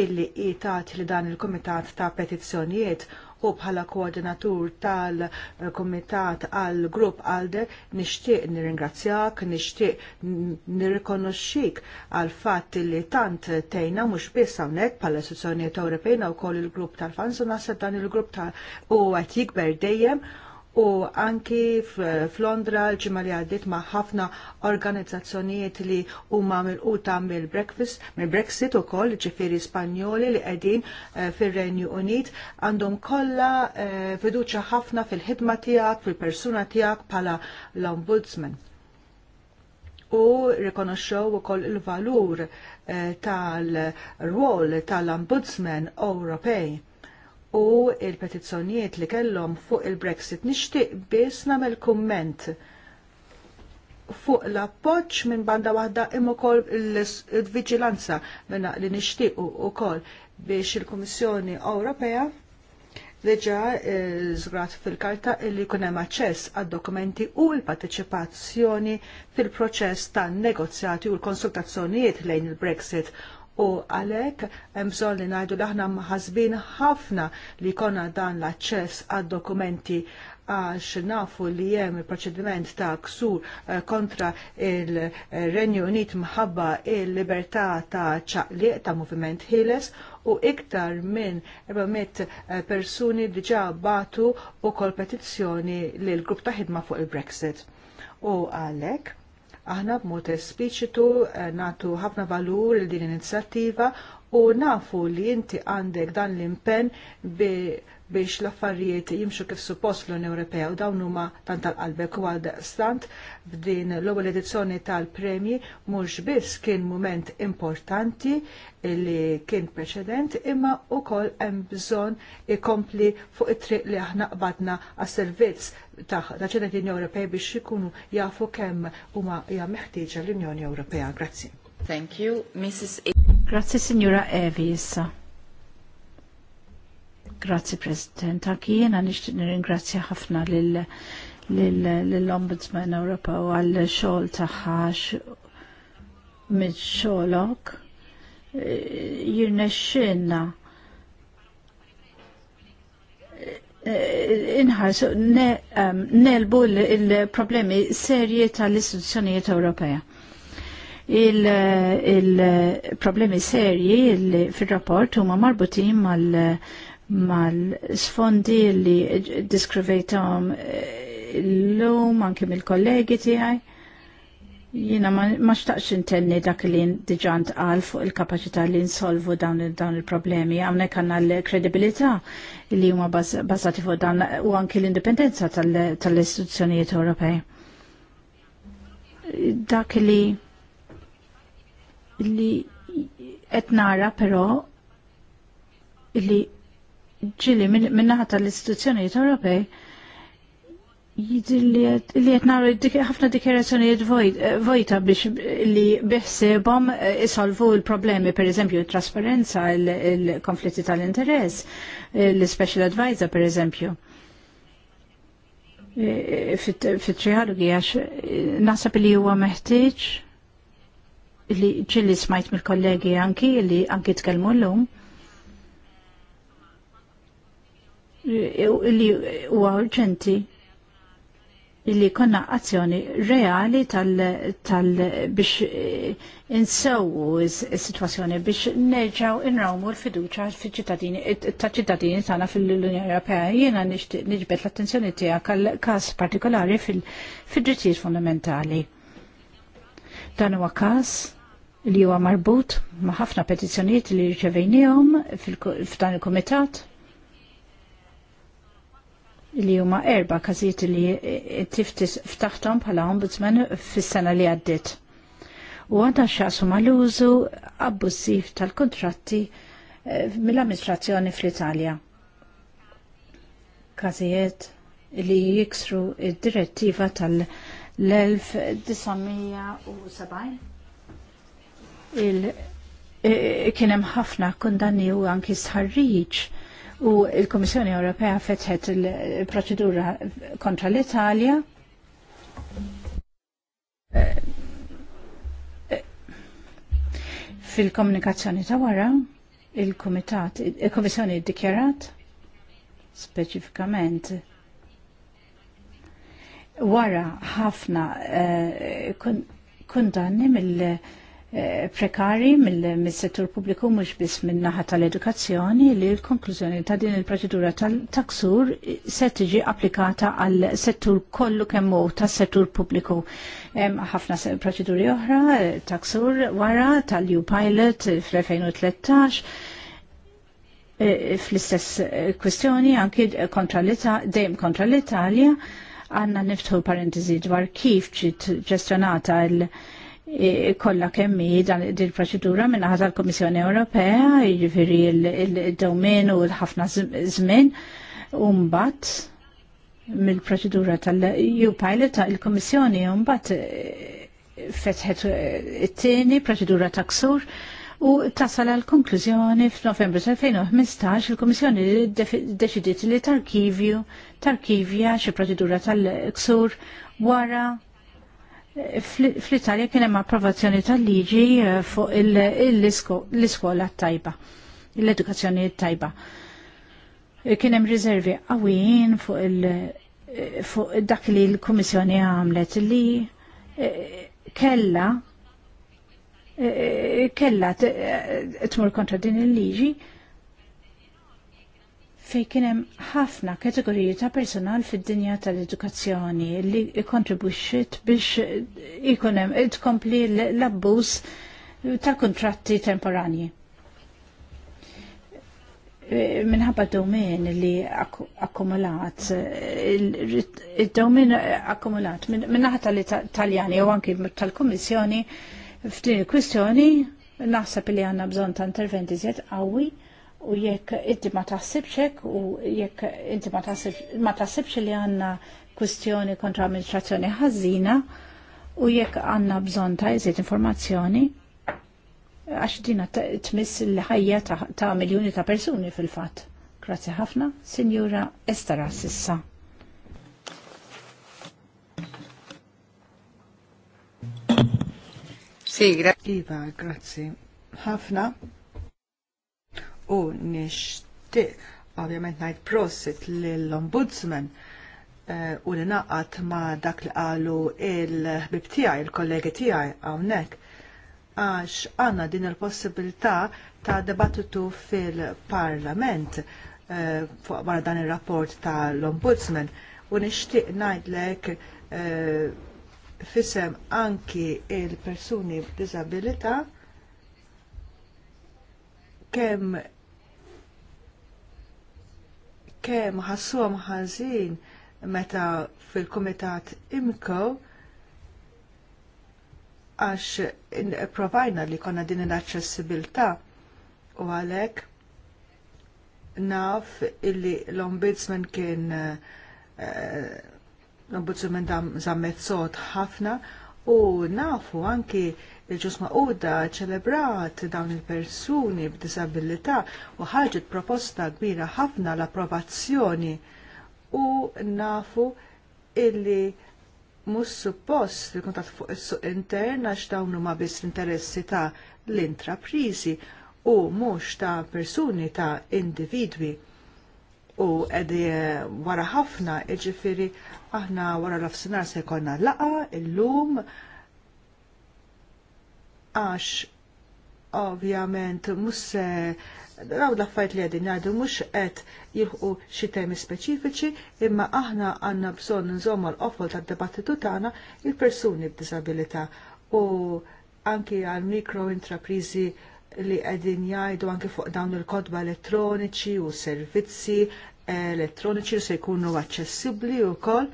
illi jitaħt li dan il-Kumitat ta' Petizzjonijiet u bħala koordinatur tal-Kumitat għal grupp għalde nixtieq nirringrazzjak, nixtieq nirrikonoxxik għal fatt li tant tejna mhux biss hawnhekk bħala istituzzjonijiet Ewropejna wkoll il-grupp tal-Fansu nasa dan il-grupp tal u qed jikber dejjem u anki f'Londra l-ġimgħa li għaddiet ma' ħafna organizzazzjonijiet li huma milquta mill-breakfast mill-Brexit ukoll ġifiri Spanjoli li qegħdin eh, fir-Renju Unit għandhom kollha eh, fiduċja ħafna fil-ħidma tiegħek, fil-persuna tiegħek bħala l-ombudsman u rikonoxxew ukoll il-valur eh, tal-rwol tal-Ombudsman Ewropej u il-petizzjonijiet li kellhom fuq il-Brexit nixtieq biss nagħmel kumment fuq l-appoġġ minn banda waħda imma wkoll il-viġilanza minna li nixtiequ wkoll biex il-Kummissjoni Ewropea diġà eh, żgrat fil-karta li jkun hemm aċċess għad-dokumenti u l-parteċipazzjoni fil-proċess tan negozjati u l-konsultazzjonijiet lejn il-Brexit u għalhekk hemm bżonn li ngħidu li aħna ħafna li jkollna dan l-aċċess għad-dokumenti għax nafu li jem il-proċediment ta' ksur eh, kontra il-Renju Unit mħabba il-libertà ta' ċaqliq ta' moviment ħiles u iktar minn 400 eh, persuni diġa batu u kol petizzjoni l grupp ta' ħidma fuq il-Brexit. U għalek, Aħna b'mod espliċitu eh, natu ħafna valur l din l-inizjattiva u nafu li inti għandek dan l-impenn bi biex l-affarijiet jimxu kif suppost l-Unjoni Ewropea u dawn huma tant tal-qalbek u għal stant b'din l-ewwel edizzjoni tal-premji mhux biss kien mument importanti li kien preċedent imma wkoll hemm bżonn ikompli fuq it-triq li aħna qbadna għas-servizz ta' Unjoni Ewropej biex ikunu jafu kemm huma hija meħtieġa l-Unjoni Ewropea. Grazzi. Thank you, Mrs. E- Grazzi, Signora Evi, issa. Grazzi President, anki jiena nixtieq nirringrazzja ħafna lill-Ombudsman u għal xogħol taħħax minn xogħolok jirnexxinna eh, eh, inħarsu nelbu il-problemi serji tal-istituzzjonijiet Ewropea. Il-problemi serji fil-rapport huma marbutin mal- mal-sfondi li diskrivejtom eh, l-lum anki mill-kollegi tiegħi. Jina ma xtaqx intenni dak li diġant għal fuq il-kapacità li nsolvu dawn il-problemi. Għamne kanna l-kredibilità li huma basati fuq dan u anki l-indipendenza tal-istituzzjonijiet Ewropej. Dak li li etnara però li ġili minnaħa tal-istituzzjonijiet Ewropej li qed nagħmlu ħafna dikjerazzjonijiet vojta biex li biħsibhom eh, isolvu l-problemi, pereżempju t trasparenza, il-konflitti tal-interess, eh, l-special advisor pereżempju. Eh, Fit-trialogi għax naħseb li huwa meħtieġ li ġilli smajt mill-kollegi anki li anki tkellmu llum li huwa urġenti li konna azzjoni reali tal, tal biex eh, insewu is situazzjoni biex nerġaw inrawmu l-fiduċa tal-ċittadini eh, tagħna fil-Unjoni Ewropea. Jiena niġbet l-attenzjoni tiegħek għal każ partikolari fil-drittijiet fundamentali. Dan huwa każ li huwa marbut ma' ħafna petizzjonijiet li fil f'dan il-Kumitat li huma erba' każijiet li tiftis ftaħtom bħala ombudsman fis-sena li għaddiet. U għandha x'aqsu mal-użu abbussiv tal-kontratti eh, mill-amministrazzjoni fl-Italja. Każijiet li jiksru id-direttiva tal-1970 il eh, kienem ħafna kundanni u anki sħarriċ u il-Komissjoni Ewropea fetħet il-proċedura kontra l-Italja. Fil-komunikazzjoni ta' wara, il-Komitat, il-Komissjoni dikjarat speċifikament wara ħafna eh, kundanni mill- Eh, prekari mill-settur pubbliku mhux biss min-naħa tal-edukazzjoni li l-konklużjoni ta' din il-proċedura tal-taksur se tiġi applikata għal settur kollu kemm hu tas-settur pubbliku. Hemm ħafna proċeduri oħra eh, taksur wara tal-U Pilot fl-2013 eh, fl-istess kwestjoni anki kontra dejjem kontra l-Italja għanna niftħu parentesi dwar kif ġiet ġestjonata l- kollha kemm hi dan il-proċedura minn ħazal Komissjoni kummissjoni Ewropea, jiġifieri il-domen u l-ħafna żmien u mill-proċedura tal-EU pilot il-Kummissjoni u mbagħad eh, fetħet eh, it-tieni proċedura ta' ksur. U tasal għal konklużjoni f'Novembru 2015 il-Komissjoni deċidiet li tarkivju tarkivja xi proċedura tal-ksur wara fl-Italja kien hemm approvazzjoni tal-liġi eh, fuq l-iskola tajba, l-edukazzjoni tajba. Eh, kien hemm riservi qawwin fuq il- eh, fuq dak li l-Kummissjoni għamlet li kella kella tmur kontra din il-liġi fej kienem ħafna kategoriji ta' personal fid-dinja tal-edukazzjoni li kontribuxxit biex ikonem id-kompli l abbus ta' kontratti temporanji. E, minħabba domen li akkumulat, il-domen e, akkumulat, minnaħat tal-Italjani u anki tal komissjoni f'din il-kwistjoni naħseb li għanna bżon ta' interventi zjed għawi u jekk inti ma taħsibx hekk u jekk inti ma taħsibx li għandna kwistjoni kontra amministrazzjoni ħażina u jekk għandna bżonn ta' iżjed informazzjoni għax dina tmiss l-ħajja ta' miljoni ta' persuni fil-fatt. Grazzi ħafna, Sinjura Estara Sissa. Sì, grazie. Iva, grazie. Ħafna u nixtieq ovvjament ngħid prosit lill-Ombudsman eh, u li naqat ma' dak li qalu il-ħbib tiegħi, il-kollegi tiegħi hawnhekk għax għanna din il-possibilità ta' debattitu fil-parlament eh, fuq wara dan ir-rapport tal-Ombudsman u nixtieq ngħidlek uh, fisem anki il-persuni b'diżabilità kemm kemm ħassuhom ħażin meta fil-kumitat imko għax provajna li konna din l-aċċessibilità u għalhekk naf illi l-ombudsman kien eh, l-ombudsman zammet sot ħafna u nafu anki il-ġus uda ċelebrat dawn il-persuni b'disabilità u ħarġet proposta kbira ħafna l-approvazzjoni u nafu illi mhux suppost li kontat fuq is-suq intern għax dawn huma biss l-interessi ta' l-intraprizi u mhux ta' persuni ta' individwi u għedi eh, wara ħafna iġifiri aħna wara l-afsinar se jkollna laqa illum għax ovvjament musse Raw l fajt li għedin għadu mux għed jirħu xi temi speċifiċi, imma aħna għanna bżon nżomma l offol ta' debattitu tagħna il-persuni b'disabilità u anki għal mikro intraprizi li qegħdin jgħidu anke fuq dawn il-kodba elettroniċi u servizzi elettroniċi se jkunu aċċessibbli wkoll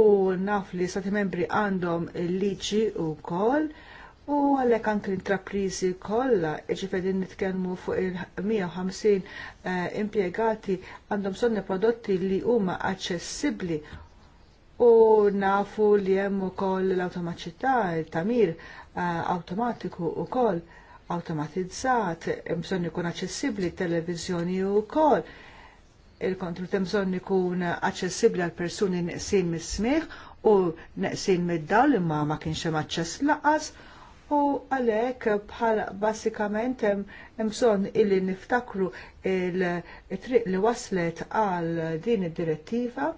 u naf li stati membri għandhom il-liġi wkoll u għalhekk anke l-intrapriżi kollha, ġifedi jiġifieri nitkellmu fuq il-150 impiegati eh, impjegati għandhom sonne prodotti li huma aċċessibbli u nafu li hemm ukoll l-awtomaċità, il-tamir eh, automatiku u wkoll automatizzat, bżonn ikun aċċessibbli t televiżjoni wkoll. Il-kontrol tem bżonn ikun aċċessibbli għal persuni neqsin mis-smieħ u neqsin mid-dawl imma ma kienx hemm aċċess laqas u għalhekk bħal basikament hemm bżonn illi niftakru il-triq li waslet għal din id-direttiva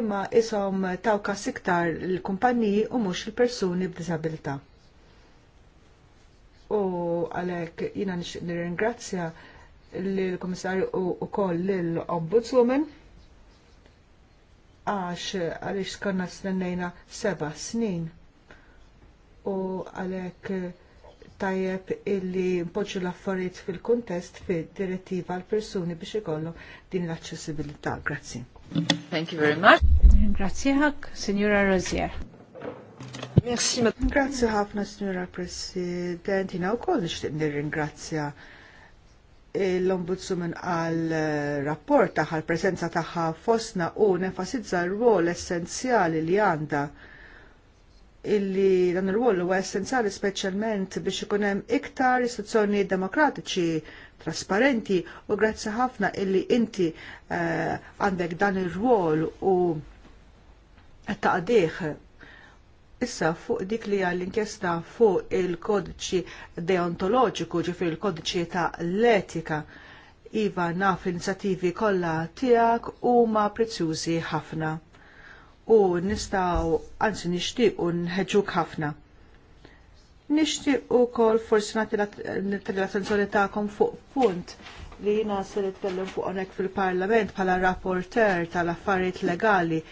imma isom tawka siktar l-kumpanniji u mhux il-persuni b'diżabilità u għalek jina nir-ingrazzja lill komissarju u koll l-Ombudswoman għax għaliex konna snennejna seba snin u għalek tajjeb illi mpoġġu l-affarijiet fil-kuntest fid-direttiva għal persuni biex ikollhom din l-aċċessibilità. Grazzi. Thank you very much. Grazie Signora Rozier. Merci, Grazie ħafna, signora President. Jina u koll nishtiq l-Ombudsman għal eh, rapport taħħa, prezenza taħħa fosna u nefasizza r-rol essenzjali li għanda illi dan ir-rwol huwa essenzjali speċjalment biex ikun hemm iktar istituzzjoni demokratiċi trasparenti u grazzi ħafna illi inti eh, għandek dan ir-rwol u taqdiħ Issa fuq dik li għall inkjesta fuq il-kodiċi deontoloġiku ġifir il-kodiċi ta' l-etika, Iva naf l-inizjattivi kollha tiegħek huma prezzjużi ħafna. U nistgħu anzi nixtieq u nħeġġuk ħafna. Nixtieq ukoll forsi nagħti l-attenzjoni tagħkom fuq punt li jiena se nitkellem fuq hawnhekk fil-Parlament bħala rapporter tal-affarijiet legali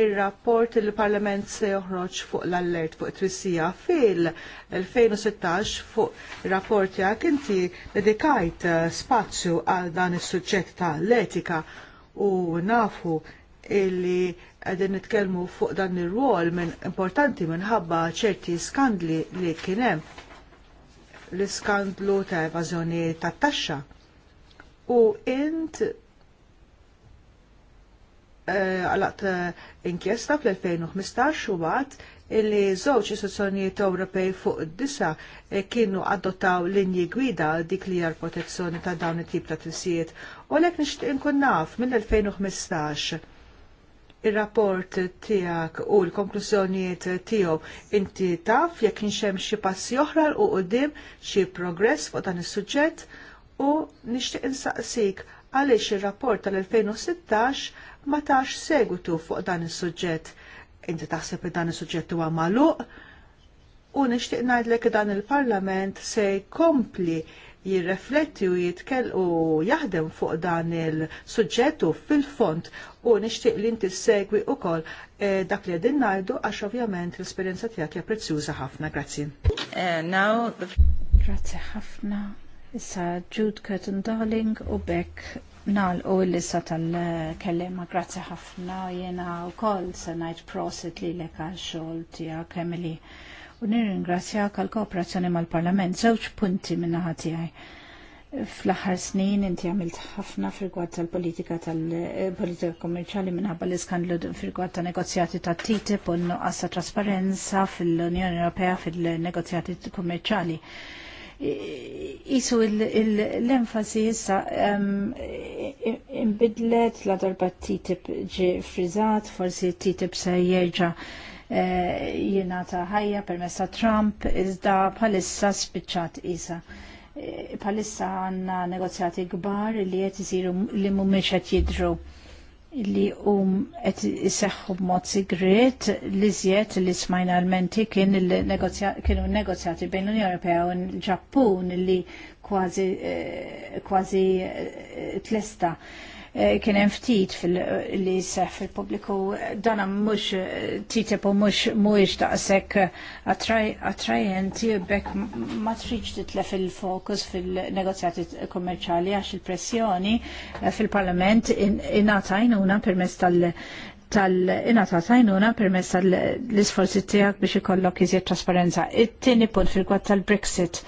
il-rapport il-Parlament se joħroġ fuq l-allert fuq it-trissija fil-2016 fuq rapport jak inti dedikajt eh, spazju għal dan is-suġġett ta' l-etika u nafu illi għedin nitkellmu fuq dan ir-rol minn importanti minħabba ċerti skandli li kienem l-skandlu ta' evażjoni ta' taxxa. U int Eh, għalat eh, inkjesta fl-2015 u għat illi żewġ istituzzjonijiet Ewropej fuq disa eh, kienu adottaw linji gwida dik li għal protezzjoni ta' dawn it-tip ta' tilsijiet. U għalhekk nixtieq inkun naf mill-2015 ir-rapport tiegħek u l-konklużjonijiet tiegħu inti taf jekk hemm xi passi oħra u qudiem xi progress fuq dan is-suġġett u nixtieq insaqsik għaliex ir-rapport tal-2016 ma tax segwitu fuq dan is-suġġett. Inti taħseb li dan is-suġġett huwa magħluq u nixtieq ngħidlek dan il-Parlament se jkompli jirrefletti u jitkel u jaħdem fuq dan il-suġġett u fil-font u nixtieq li inti segwi wkoll eh, dak li qegħdin ngħidu għax ovvjament l-esperjenza tiegħek hija prezzjuża ħafna. Grazzi. Eh, Grazzi ħafna. Issa Jude Curtin Darling u Beck Nalqu l lissa tal-kellima, grazzi ħafna, jena u koll sanajt prosit li l eka xol tija kemili. U nirringrazzja għal-kooperazzjoni mal-parlament, zewċ punti minna ħatijaj. Fl-axar snin inti għamilt ħafna firgwad tal-politika tal-politika kommerċali minħabba l-iskandlu firgwad ta' negozjati ta' TTIP u nuqqas ta' trasparenza fil-Unjoni Ewropea fil-negozjati kommerċali jisu l-enfasi jissa imbidlet la darba t-titib ġi frizzat, forsi t-titib se jieġa eh, jiena ta' ħajja permessa Trump, iżda palissa spiċċat isa. Palissa eh, għanna negozjati gbar li jett jisiru li mumiex jidru. jidru li um et jisseħħu b'mod sigret li zjed li smajna l-menti kien kienu negozjati bejn l-Unjoni Ewropea u l-Ġappun li kważi eh, kważi eh, tlesta. Eh, kien hemm ftit li seħ fil-pubbliku dan mhux eh, titep u mhux mhuwiex daqshekk eh, attrajenti bekk ma tridx titlef il-fokus fil-negozjati kummerċjali għax il-pressjoni fil-Parlament ingħatajnuna permezz tal- tal-inata tajnuna permess tal-isforzi tijak biex ikollok iżjed trasparenza. It-tini punt fil-kwad tal-Brexit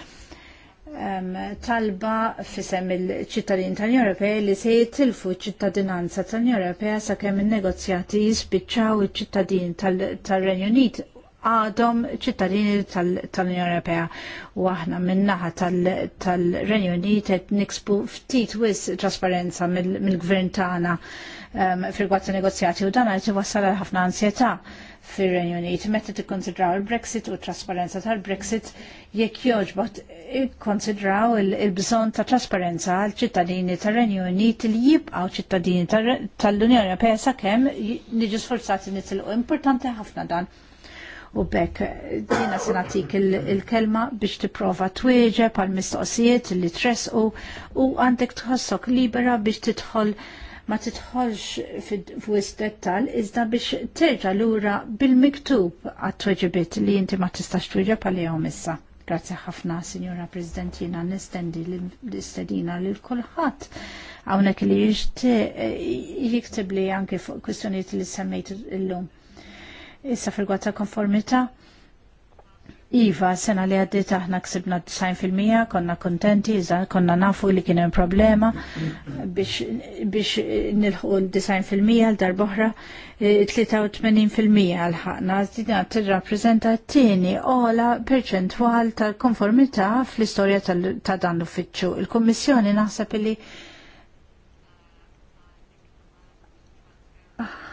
um, talba fisem il-ċittadin tal europea li se jitilfu ċittadinanza tal sa sakemm in-negozjati jispiċċaw iċ-ċittadin tal-Renju Unit għadhom ċittadini tal-Unjoni Ewropea u aħna minnaħa tal-Renju Unit qed niksbu ftit wis trasparenza mill-gvern tagħna fil-gwatt negozjati u dan qed iwassal għal ħafna ansjetà fir-Renju Unit. Meta tikkonsidraw il-Brexit u t trasparenza tal-Brexit jekk joġbot ikkonsidraw il-bżonn ta' trasparenza għal ċittadini tar-Renju Unit li jibqgħu ċittadini tal-Unjoni Ewropea sakemm niġu sforzati nitilqu. Importanti ħafna dan. U bekk dina se nagħtik il-kelma biex tipprova twieġeb għal mistoqsijiet li tresqu u għandek tħossok libera biex tidħol ma titħolx f'wis dettal iżda biex terġa lura bil-miktub għat-tweġibit li inti ma tistax tweġeb għalihom issa. Grazie ħafna, Signora President, jina nistendi l-istedina li l-kolħat. Għawnek li jiktib li anke fuq kwistjoniet li semmejt l-lum. Issa fil-gwata konformita, Iva, sena li għaddit aħna ksibna 90% konna kontenti, konna nafu li kien hemm problema biex, biex nilħu l-90% l-darboħra 83% e, għal-ħakna, zdina t-rapprezenta t-tini ola perċentwal tal-konformita fl-istoria ta' dan l-uffiċċju. Il-Kommissjoni naħseb li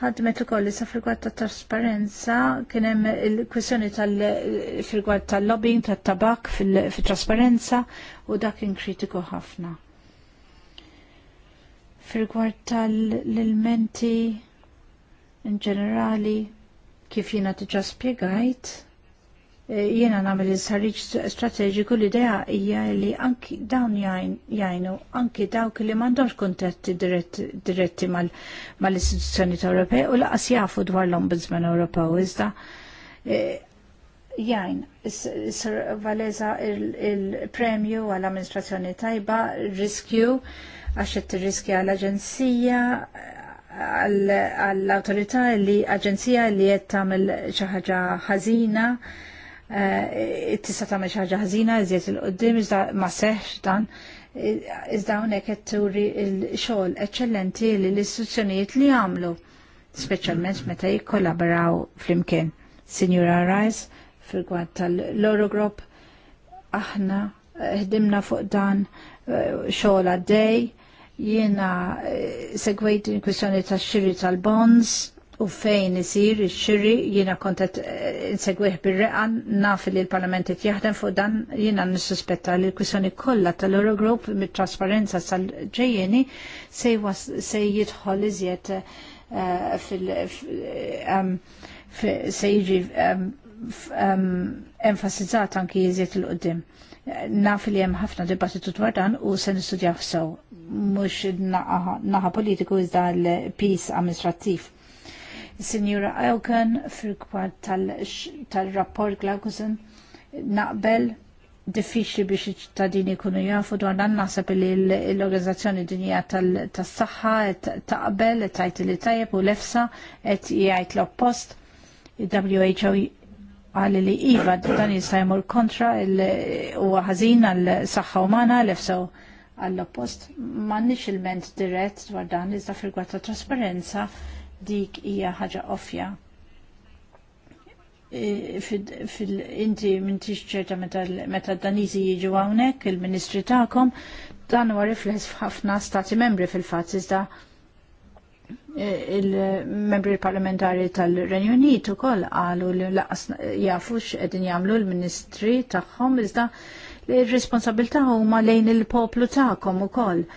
ħadmet ukoll sa frigward ta' trasparenza kien hemm il-kwistjoni tal-frigward tal-lobbying tat-tabak fil-trasparenza u dak kien kritiku ħafna. Frigward tal-elementi in ġenerali kif jiena diġà spjegajt jiena nagħmel il-sarriċ strateġiku l-idea hija li anki dawn jajnu, anki dawk li m'għandhomx kuntatti diretti mal-istituzzjoni Ewropej u laqas jafu dwar l-Ombudsman Ewropew iżda eh, jgħin Sir Valeza il-premju għall-amministrazzjoni tajba, riskju għax qed riskja għall-aġenzija għall-autorità li aġenzija li qed tagħmel xi ħaġa ħażina Eh, tista' ta' xi ħaġa ħażina iżjed il qoddim iżda ma seħħx dan iżda hawnhekk qed turi l-xogħol eċċellenti li l-istituzzjonijiet li għamlu speċjalment meta jikkollaboraw flimkien. Signora Rice, fil-gwad tal-Eurogroup, aħna ħdimna fuq dan eh, xogħol għaddej, jiena eh, segwejt in kwistjoni tax-xiri tal-bonds, u fejn isir ix-xiri jiena kont eh, insegwih bir-reqa naf li l-Parlament qed fuq dan jiena nissuspetta li l-kwissjoni kollha tal-Eurogroup mit-trasparenza sal-ġejjeni se jidħol iżjed eh, se jiġi enfasizzat anki jiżjed il qoddim naf li hemm ħafna dibattitu dwar dan u se nistudjaw sew mhux naħa politiku iżda l-pis amministrattiv Signora Elkan fil-kwad tal-rapport tal Glaukusen naqbel diffiċli biex iċ-ċittadini jkunu jafu dwar dan naħseb li l-Organizzazzjoni Dinja tas-Saħħa taqbel tajt li tajjeb u l-EFSA qed jgħid l-oppost. Il-WHO għal li iva dan jista' jmur kontra u ħażin għal saħħa umana l-EFSA għall-oppost. M'għandniex il-ment dirett dwar dan iżda fil-gwatta trasparenza dik hija ħaġa ofja. Inti m'intix ċerta meta d danizi jiġu hawnhekk il-Ministri tagħkom dan huwa rifless f'ħafna stati membri fil-fatt iżda e, il-membri parlamentari tal-Renju Unit ukoll qalu li laqas jafux edin jagħmlu l-ministri tagħhom iżda r responsabilità huma lejn il-poplu tagħkom ukoll. koll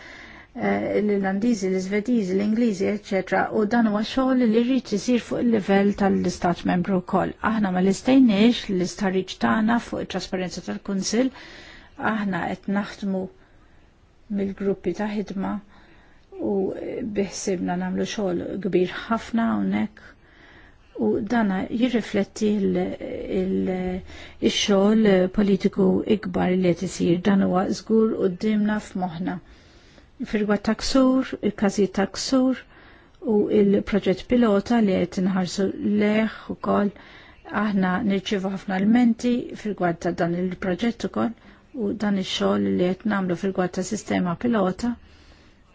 Eh, l-Irlandiżi, l-Iżvediżi, l-Ingliżi, etc. U dan huwa xogħol li jrid isir fuq il-livell tal-Istat membru wkoll. Aħna ma listejniex l-istariġ tagħna fuq it-trasparenza tal-Kunsill, aħna qed naħdmu mill-gruppi ta' ħidma u biħsibna nagħmlu xogħol kbir ħafna hawnhekk u dana jirrifletti il xogħol politiku ikbar li qed isir dan huwa żgur qudiemna f'moħħna firwa taksur, il-kazi taksur u il-proġett pilota li għet nħarsu leħ u kol aħna nirċivu ħafna l-menti firgwa ta' dan il-proġett u kol u dan il-xol li għet namlu firgwa ta' sistema pilota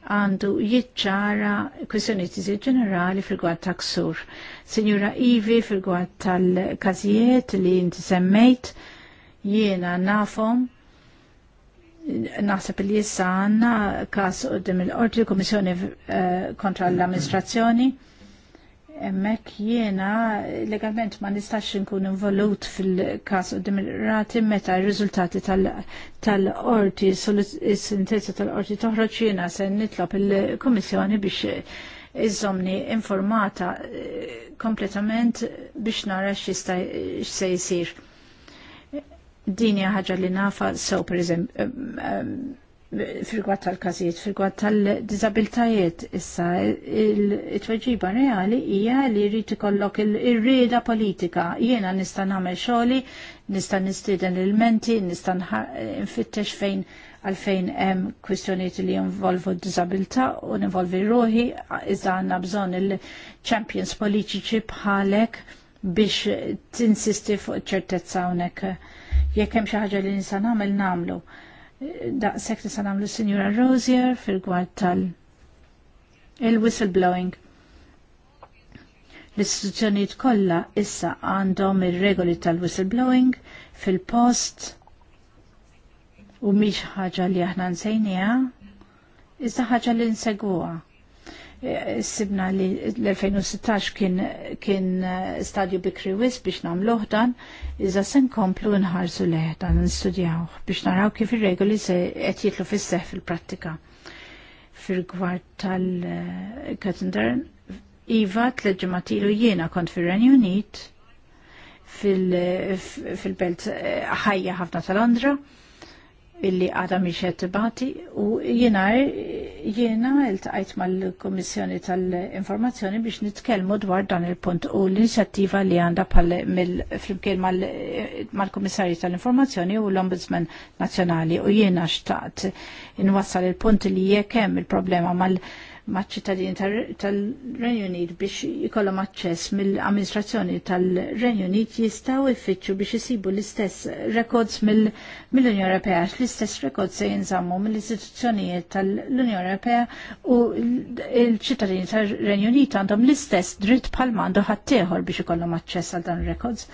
għandu jitċara kwestjoniet ġenerali fil ta' ksur. Sinjura Ivi fil tal-kazijiet li inti semmejt, jiena nafom Naħseb li jissa għanna kas qoddim il-qorti l-Komissjoni eh, kontra l-amministrazzjoni. Emmek jiena legalment ma nistax nkun involut fil-kas qoddim il-rati meta il-riżultati tal-qorti, il-sentenza tal-qorti toħroġ jiena se nitlob il-Komissjoni biex iżomni informata eh, kompletament biex nara x'se jsir din hija ħaġa li nafa sew pereżempju fil-gwad tal-każijiet, fil-gwad tal-dizabiltajiet, issa il-tweġiba reali hija li jrid ikollok il rieda politika. Jiena nista' nagħmel xogħli, nista' nistieden il-menti, nista' nfittex fejn għalfejn hemm kwistjonijiet li jinvolvu d diżabilità u ninvolvi ruħi, iżda għandna bżonn il-champions politiċi bħalek biex tinsisti fuq ċertezza hawnhekk jekk hemm xi ħaġa li nista' nagħmel nagħmlu. Daqshekk nista' nagħmlu Sinjura Rosier fil gward tal il-whistleblowing. L-istituzzjonijiet kollha issa għandhom ir-regoli tal-whistleblowing fil-post u mhix ħaġa li aħna nsejniha, iżda ħaġa li nsegwuha sibna li l-2016 kien, kien eh, stadju bikri wis biex nam loħdan, iżda sen komplu nħarsu leħdan dan nistudjawh biex naraw kif ir-regoli se qed jitlu fis fil-prattika. fil gwart tal katendar Iva t-leġematilu jiena kont fir-Renju Unit fil-belt eh, ħajja ħafna tal-Londra illi għada miexet bati u jenar Jiena il-taqajt mal-Komissjoni tal-Informazzjoni biex nitkellmu dwar dan il-punt u l-inizjattiva li għanda fl-imkien mal-Komissarju tal-Informazzjoni u l-Ombudsman Nazzjonali u jiena xtaqt inwassal il-punt li jekk hemm il-problema mal-Komissjoni maċ-ċittadini tal-Renju Unit biex jkollhom aċċess mill-amministrazzjoni tal-Renju Unit jistgħu jfittxu biex isibu l-istess records mill-Unjoni Ewropea l-istess records se jinżammu mill-istituzzjonijiet tal-Unjoni Ewropea u l-ċittadini tal-Renju Unit għandhom l-istess dritt bħal mandu ħaddieħor biex ikollhom aċċess għal dan records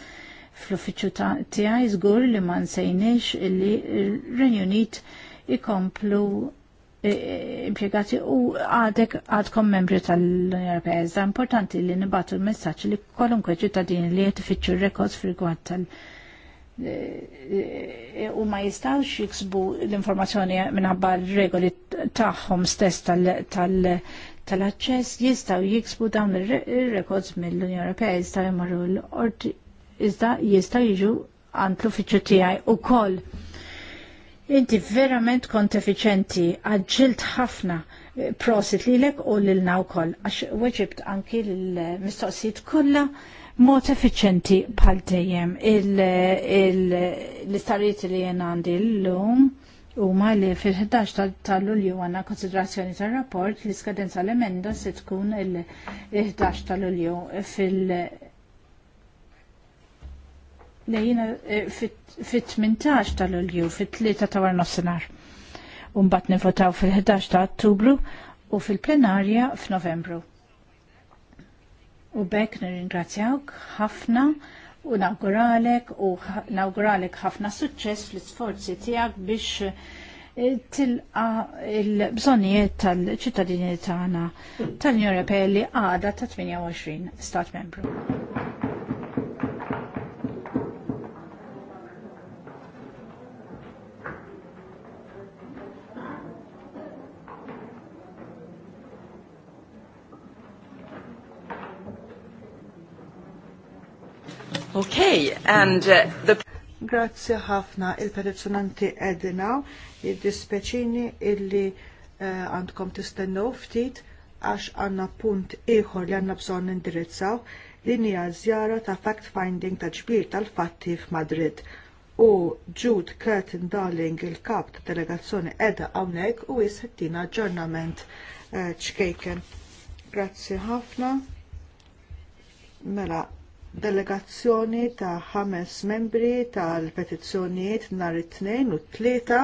fl-uffiċċju tiegħi żgur li ma nsejniex illi l renju Unit ikomplu impjegati u għadek għadkom membri tal-Unjoni Ewropea. Iżda importanti li nibatu l-messaġġ li kwalunkwe ċittadini li qed ifittxu rekords frigwant tal- eh, u ma jistawx jiksbu l-informazzjoni minħabba regoli tagħhom stess tal-aċċess jistaw jiksbu dawn ir-rekords mill-Unjoni Ewropea jistaw jmorru l-ordi iżda jistaw jiġu għandlu l tiegħi ukoll Inti verament kont effiċenti, għagġilt ħafna eh, prosit lilek u lilna wkoll għax weġibt anki l-mistoqsijiet kollha mod effiċenti bħal dejjem l-istarijiet li jien għandi l-lum huma li fil-11 tal-Lulju għandna konsiderazzjoni tar-rapport li skadenza l-emenda se tkun il-11 tal-Lulju fil- Lejina eh, fit-18 tal-ulju, fit-3 ta' s-senar. Umbat nivotaw fil-11 ta' ottubru u fil-plenarja f'novembru. U bekk nirringrazzjawk ħafna u nawguralek u nawguralek ħafna suċċess fl-isforzi tiegħek biex eh, tilqa il-bżonnijiet tal-ċittadini tagħna tal-Unjoni li għada ta' 28 stat membru. Okay, and uh, the... Grazie ħafna il-petizzjonanti edina id-dispeċini illi uh, għandkom uh, tistennu ftit għax għanna punt ieħor li għanna bżon indirizzaw li hija żjara ta' fact-finding ta' ġbir tal-fatti f'Madrid. U Jude Curtin Darling, il-kap ta' delegazzjoni edha hawnhekk u jissettina ġornament uh, ċkejken. Uh, Grazzi ħafna. Mela, delegazzjoni ta' ħames membri tal-petizzjonijiet nhar it-tnejn u t-tlieta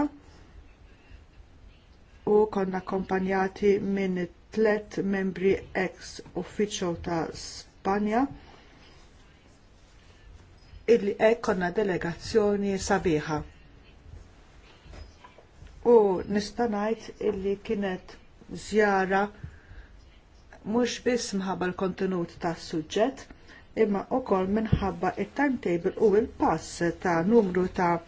u konna kompanjati minn tlet membri ex uffiċċju ta' Spanja illi hekk konna delegazzjoni sabiħa u nista' ngħid illi kienet żjara mhux biss minħabba l-kontenut tas-suġġett, imma wkoll minħabba il timetable u il pass ta' numru ta'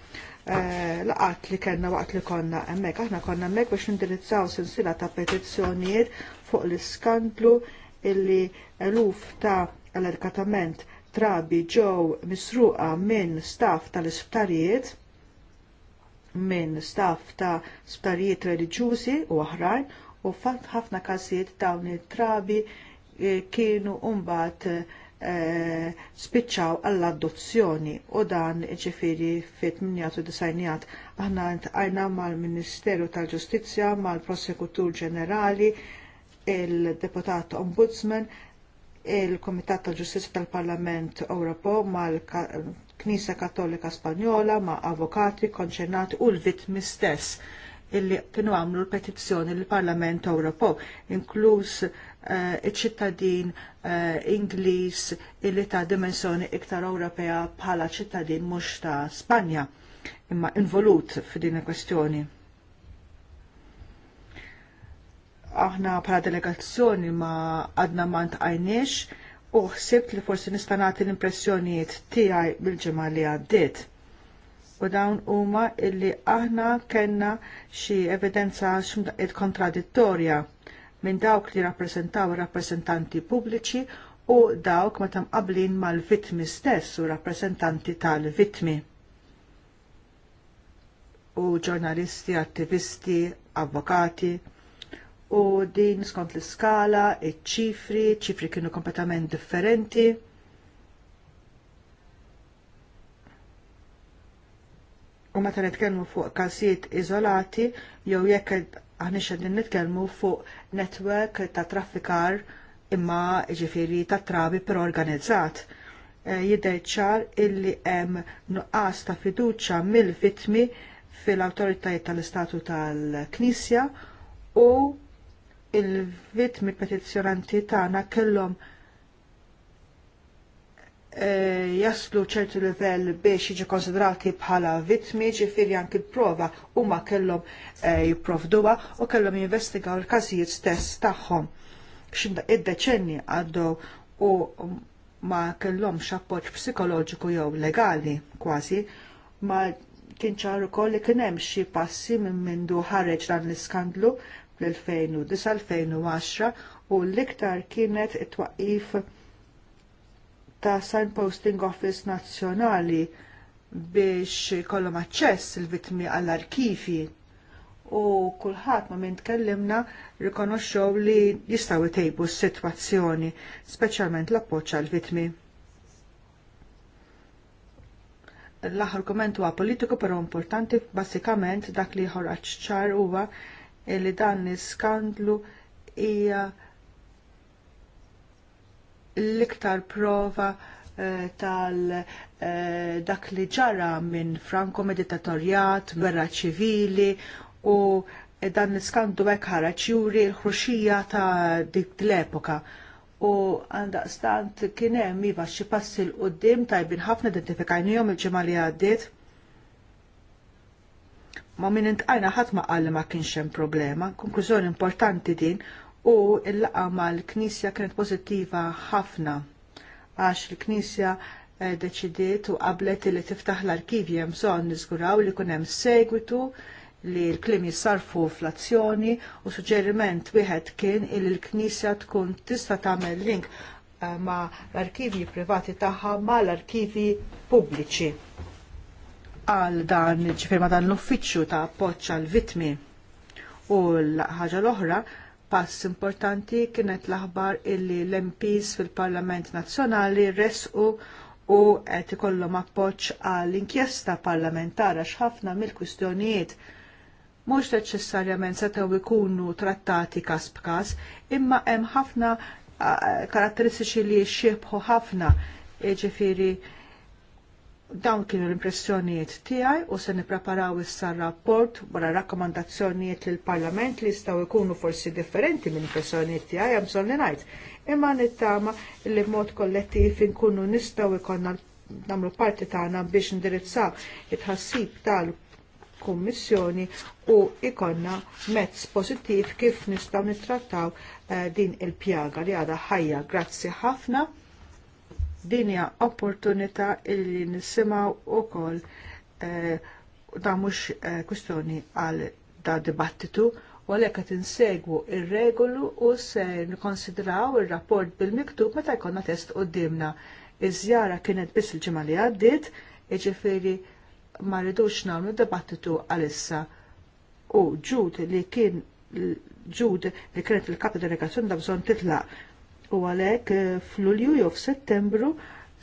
eh, laqat li kellna waqt li konna hemmhekk. Aħna konna hemmhekk biex nindirizzaw sensila ta' petizzjonijiet fuq l-iskandlu illi eluf ta' l-erkatament trabi ġew misruqa minn staff tal-isptarijiet minn staff ta' sptarijiet reliġjużi u oħrajn u fatt ħafna każijiet dawn it-trabi eh, kienu mbagħad eh, spiċċaw għall-adozzjoni u dan ġifiri fit 98 aħna ntqajna mal-Ministeru tal-Ġustizzja, mal-Prosekutur Ġenerali, il-Deputat Ombudsman, il-Komitat tal-Ġustizzja tal-Parlament Ewropew mal-Knisa Kattolika Spanjola, ma' avokati, konċernati u l-vitmi stess illi kienu għamlu l-petizzjoni l-Parlament Ewropew, inkluż Eh, iċ-ċittadin eh, Ingliż illi ta' dimensjoni iktar Ewropea bħala ċittadin mhux ta' Spanja imma involut f'din il-kwestjoni. Aħna bħala delegazzjoni ma għadna ma ntqajniex u ħsibt li forsi nista' nagħti l-impressjonijiet tiegħi bil-ġimgħa li għaddiet u dawn huma illi aħna kellna xi evidenza x'imdaqqiet kontradittorja minn dawk li rappresentaw rappresentanti pubbliċi u dawk ma tam mal-vitmi stess u rappresentanti tal-vitmi. U ġurnalisti, attivisti, avvokati, u din skont l-skala, iċ-ċifri, ċifri kienu kompletament differenti. u meta nitkellmu fuq każijiet iżolati jew jekk aħna xedin nitkellmu fuq netwerk ta' traffikar imma ġifiri ta' trabi per organizzat. E, ċar illi hemm nuqqas ta' fiduċja mill-vitmi fil-awtoritajiet tal-istatu tal-Knisja u il-vitmi petizzjonanti tagħna kellhom Eh, jaslu ċertu livell biex jiġi konsidrati bħala vittmi, ġifiri anki l-prova huma kellhom eh, jipprovduha u kellhom jinvestigaw l każijiet stess tagħhom. X'inda id-deċenni għaddew u ma kellhomx appoġġ psikoloġiku jew legali kważi, ma kien ċar ukoll li kien hemm xi passi minn mindu ħareġ dan l-iskandlu fl-2009-2010 u l-iktar kienet it-twaqif ta' Signposting Office Nazzjonali biex kollom aċċess il-vittmi għall-arkivi u kulħadd ma minn tkellimna rikonoxxew li jistgħu jtejbu s-sitwazzjoni, speċjalment l-appoġġ għall-vittmi. L-aħħar komment huwa politiku però importanti bażikament dak li ħoraġ ċar huwa li dan l-iskandlu hija l-iktar prova eh, tal eh, dak li ġara minn Franco Meditatorjat, Gwerra Ċivili u dan niskandu hekk ħareġ juri l-ħruxija ta' dik l-epoka u għandaqstant kien hemm iva xi passi l qudiem tajbin ħafna identifikajnijom il-ġimgħa li għaddiet. Ma min intqajna ħadd ma qal li ma kienx hemm problema, konklużjoni importanti din u l-laqa l knisja kienet pożittiva ħafna għax l knisja eh, deċidiet u qablet li tiftaħ l arkivi hemm bżonn niżguraw li kunem hemm segwitu li l-klim jissarfu fl-azzjoni u suġġeriment wieħed kien li l-Knisja tkun tista' tagħmel link eh, ma l-arkivi privati tagħha ma l-arkivi pubbliċi għal dan ġifir ma dan l-uffiċċju ta' appoċċa l vitmi u l-ħaġa l-oħra pass importanti kienet l-aħbar illi l-MPs fil-Parlament Nazzjonali resqu u qed ikollhom appoġġ għall inkjesta parlamentara x'ħafna mill-kwistjonijiet mhux neċessarjament setgħu jkunu trattati każ b'każ, imma hemm ħafna ah, karatteristiċi li jxibħu ħafna jiġifieri dawn kienu l-impressjonijiet tiegħi u se nippreparaw issa rapport wara rakkomandazzjonijiet lill parlament li jistgħu jkunu forsi differenti minn impressjonijiet tiegħi hemm bżonn li ngħid. Imma nittama li b'mod kollettiv inkunu nistgħu jkollna nagħmlu parti tagħna biex indirizzaw it-ħassib tal-Kummissjoni u ikonna mezz pożittiv kif nistgħu nittrattaw eh, din il-pjaga li għadha ħajja. Grazzi ħafna dinja opportunità illi nisimaw kol eh, da eh, kwistjoni għal da dibattitu u għalhekk qed insegwu il regolu u se nikonsidraw ir-rapport bil-miktub meta jkollna test dimna. Iż-żjara kienet biss il-ġimgħa li għaddiet, iġifiri ma rridux nagħmlu dibattitu għalissa. U ġud li kien ġud li kienet il-kapi delegazzjoni da bżonn titlaq u għalhekk eh, f'Lulju jew f'Settembru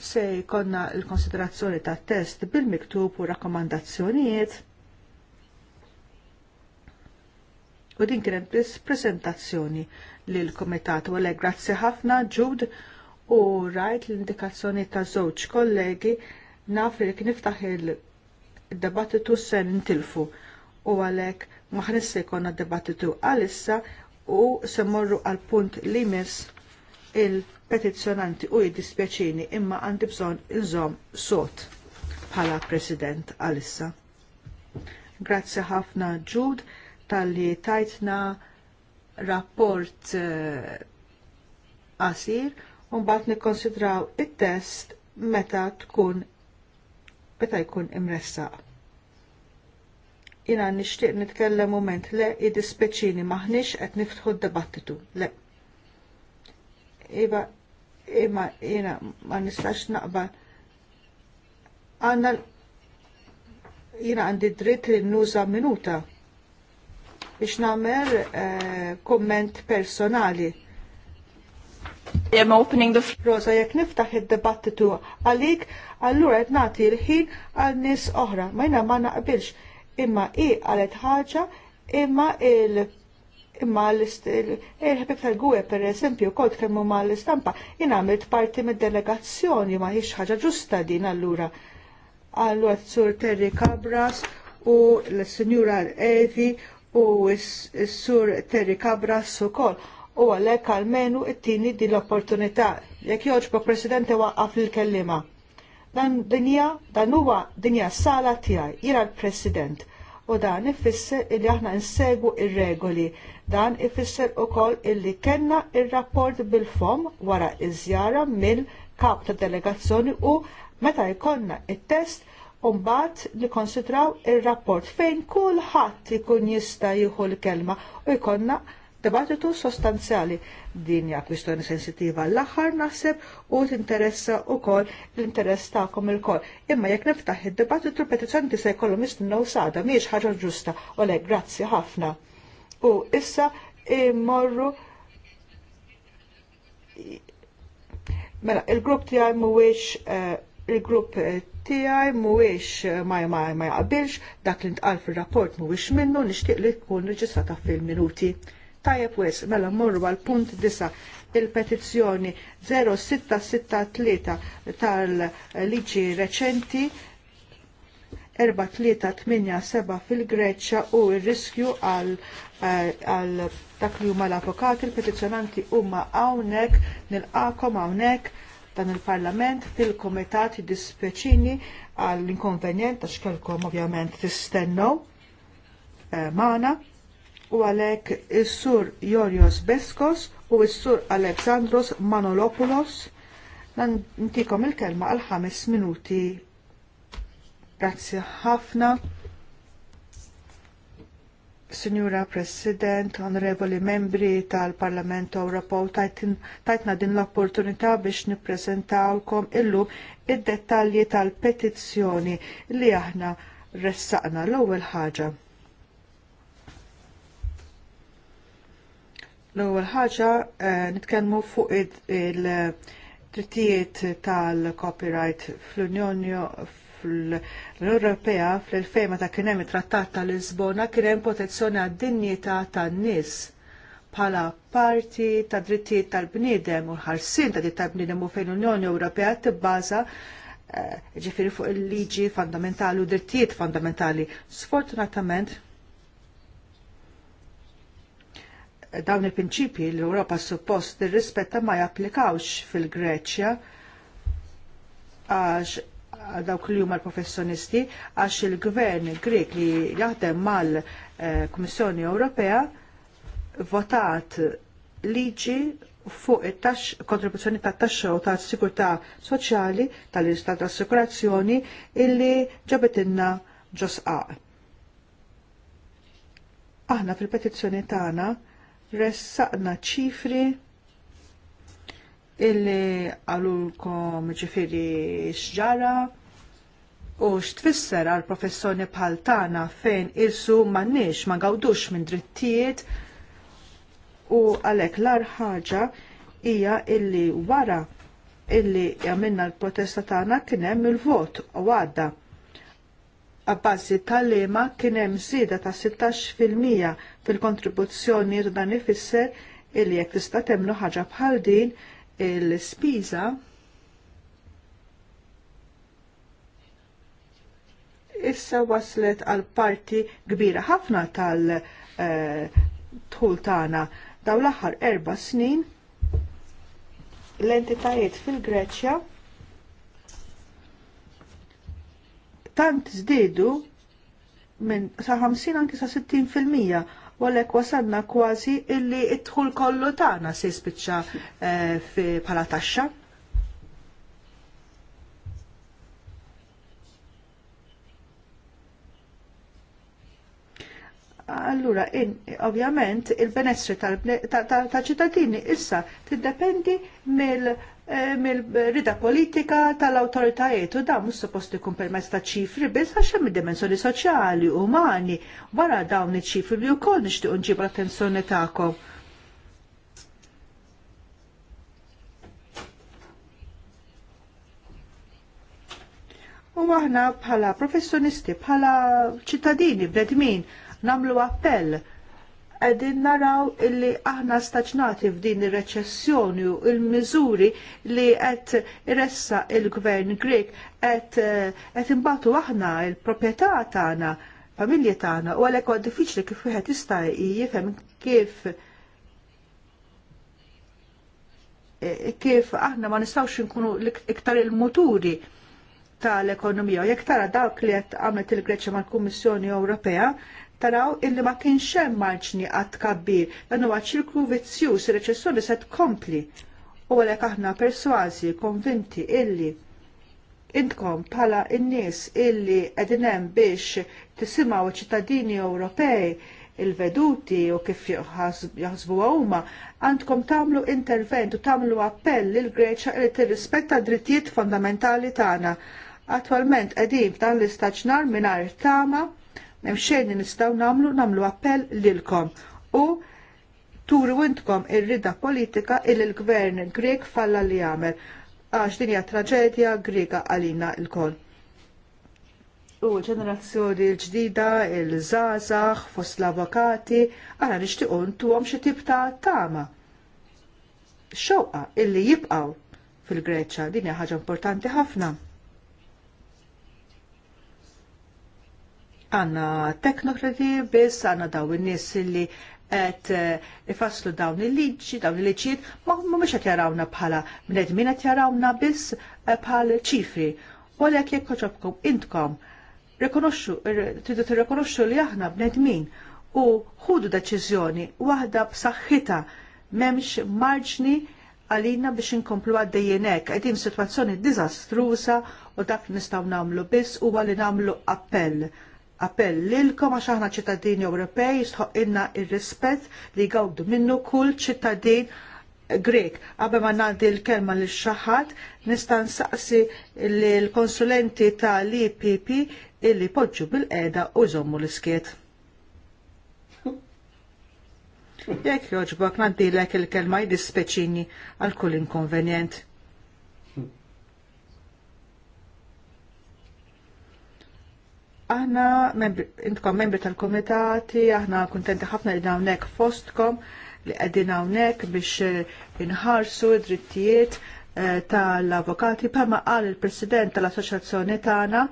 se jkollna l-konsiderazzjoni tat test bil-miktub u rakkomandazzjonijiet. U din kienet biss prezentazzjoni lill komitat u għalhekk grazzi ħafna ġud u rajt l-indikazzjoni ta' żewġ kollegi naf li kien niftaħ il-debattitu se nintilfu u għalhekk maħnissi jkollna debattitu għalissa u se għal punt li miss il-petizzjonanti u jiddispjaċini imma għandi bżonn inżomm sot bħala President għalissa. Grazzi ħafna ġud tal-li tajtna rapport eh, għasir uh, u mbagħad nikkonsidraw it-test meta tkun meta jkun imressaq. Jina nixtieq nitkellem mument le id-dispeċini maħniex qed niftħu d-debattitu. Le. Iba, imma jena ma nistax naqbal. Għanna jena għandi dritt li nuża minuta biex namer eh, komment personali. I'm opening the Rosa, jek niftaħ id-debattitu għalik, allura qed nagħti l-ħin għal nies oħra. Ma jna ma naqbilx imma i għalet ħaġa imma il- imma l-ħbib tal-gwe per eżempju kod kemmu ma l-istampa għamilt parti mid-delegazzjoni ma hiex ħaġa ġusta din allura. Allura t-sur Terry Cabras u l-senjura Evi u s-sur Terry Cabras u kol u għalek għalmenu it-tini din l-opportunità. Jek joġbok presidente waqqaf l-kellima. Dan dinja, dan huwa dinja sala tiegħi, jira l-president u dan ifisser illi aħna nsegwu ir-regoli. Dan ifisser ukoll illi kellna ir-rapport bil-fom wara iż-żjara mill-kap ta' delegazzjoni u meta jkollna it-test Umbat li konsidraw il-rapport fejn kulħadd ikun jista' jieħu l-kelma u jkollna debattitu sostanzjali din hija kwistjoni sensitiva l-aħħar naħseb u tinteressa wkoll l-interess tagħkom ilkoll. Imma jekk niftaħ id-dibattitu petizzjoni se jkollhom jistennew sada mhijiex ħaġa ġusta u lej grazzi ħafna. U issa immorru Mela, il-grupp tiegħi mhuwiex eh, il-grupp eh, tiegħi mhuwiex eh, ma jaqbilx dak li ntqal fir-rapport mhuwiex minnu nixtieq li tkun reġistrata fil-minuti. Tajjeb wis, mela mmorru għal punt disa il-petizzjoni 0663 tal-liġi reċenti 4387 fil-Greċċa u r-riskju għal eh, għal dak li huma l-avokati, il-petizzjonanti huma hawnhekk nilqakom hawnhekk dan il-Parlament fil-Komitat dispeċini għall-inkonvenjent għax kelkom ovvjament tistennu eh, u għalhekk is-sur Jorios Beskos u s-sur Aleksandros Manolopoulos. Nantikom il-kelma għal ħames minuti. Grazzi ħafna. Signora President, onorevoli membri tal-Parlament Ewropew, tajtna din l-opportunità biex nippreżentawkom illum id-dettalji tal-petizzjoni li aħna ressaqna l-ewwel ħaġa. L-ewwel ħaġa eh, nitkellmu fuq il-drittijiet tal-copyright fl-Unjoni fl-Ewropea fl-2000 meta kien hemm it-Trattat tal-Lisbona kien hemm protezzjoni għad-dinjità tan-nies bħala parti ta' drittijiet tal-bniedem u l-ħarsien ta' drittijiet tal-bniedem u fejn l-Unjoni Ewropea tibbaża eh, ġifieri fuq il-liġi fondamentali u drittijiet fondamentali. Sfortunatament, dawn il-prinċipji li l ewropa suppost tirrispetta ma japplikawx fil-Greċja għax dawk li huma l-professjonisti għax il-gvern Grek li jaħdem mal-Kummissjoni eh, Ewropea votat liġi fuq it-tax kontribuzzjoni ta' taxxa u ta' sigurtà soċjali tal-istat assikurazzjoni illi ġabetinna ġosqaq. Aħna fil-petizzjoni tagħna ressaqna ċifri illi għalulkom ġifiri xġara u xtfisser għal professjoni bħal tagħna fejn su m'għandniex ma gawdux minn drittijiet u għalhekk l-ar ħaġa hija illi wara illi għamilna l-protesta tagħna kien hemm il-vot u għadda Abbazzi tal-lema kien hemm żieda ta' 16% fil-kontribuzzjoni dan ifisser li jekk tista' temlu ħaġa bħal din il-spiża issa waslet għal parti kbira ħafna tal tħul eh, tagħna dawn l-aħħar erba' snin l-entitajiet fil-Greċja tant żdiedu minn sa 50 anki sa 60 fil-mija u għalek wasanna kważi illi id-dħul kollu tagħna se jispiċċa bħala taxxa. Allura, ovvjament, il-benessri tal-ċittadini issa tiddependi mill- Eh, mill-rida politika tal-autoritajiet u dan mhux suppost ikun permezz ta' ċifri biss għax hemm id-dimensjoni soċjali, umani, wara dawn iċ-ċifri li wkoll nixtiequ nġibu l-attenzjoni tagħkom. U aħna bħala professjonisti, bħala ċittadini, bredmin, namlu appell qegħdin naraw illi aħna staġnati f'din ir-reċessjoni u l-miżuri li qed ressa il-Gvern Grek qed eh, imbatu aħna il-proprjetà tagħna, familji tagħna u għalhekk huwa diffiċli kif wieħed jista' jifhem kif eh, kif aħna ma nistawx nkunu iktar il-muturi tal-ekonomija. Jekk tara dawk li qed għamlet il-Greċja mal-Kummissjoni Ewropea, taraw illi ma kienx hemm marċni għat kabbir dan huwa ċirklu vizzjuż ir-reċessjoni se tkompli. U għalhekk aħna persważi konvinti illi intkom bħala in nies illi qegħdin hemm biex tisimgħu ċittadini Ewropej il-veduti u kif jaħsbu huma għandkom tagħmlu intervent u tagħmlu appell lil Greċa li t-rispetta drittijiet fondamentali tagħna. Attualment qegħdin f'dan l-istaġnar mingħajr tama hemm xejn nistgħu nagħmlu nagħmlu appell lilkom u turu intkom ir-rida politika il l-gvern Grek falla li jagħmel għax din hija traġedja grega għalina l kol U ġenerazzjoni l-ġdida, il-żazax, fost l-avokati, għana nixtiequ ntuhom xi tip ta' tama. Xewqa illi jibqgħu fil-Greċċa din hija ħaġa importanti ħafna. għanna teknokrati biss, għanna daw in nis li qed eh, ifaslu dawn il-liġi, dawn il liġiet ma mhumiex qed jarawna bħala bnedmin qed jarawna biss eh, bħal ċifri. U għalek jekk koċobkom intkom rikonoxxu, er, tridu tirrikonoxxu li aħna bnedmin u ħudu deċiżjoni waħda b'saħħitha m'hemmx marġni għalina biex inkomplu għaddejjenek, għedin situazzjoni dizastrusa u dak nistaw namlu biss u għalli namlu appell appell lilkom għax aħna ċittadini Ewropej sħoqinna ir-rispett li jgawdu minnu kull ċittadin Grek. Qabel ma nagħdi l-kelma lil xaħat, nista' nsaqsi l-konsulenti tal-IPP illi poġġu bil-qeda u jżommu l-iskiet. Jekk joġbok nadilek il-kelma jdispeċini għal kull inkonvenjent. Aħna, intkom membri tal-komitati, aħna kuntenti ħafna li dawnek fostkom li għedin hawnhekk biex eh, inħarsu id-drittijiet eh, tal-avokati bħalma qal il-president tal-assoċjazzjoni tagħna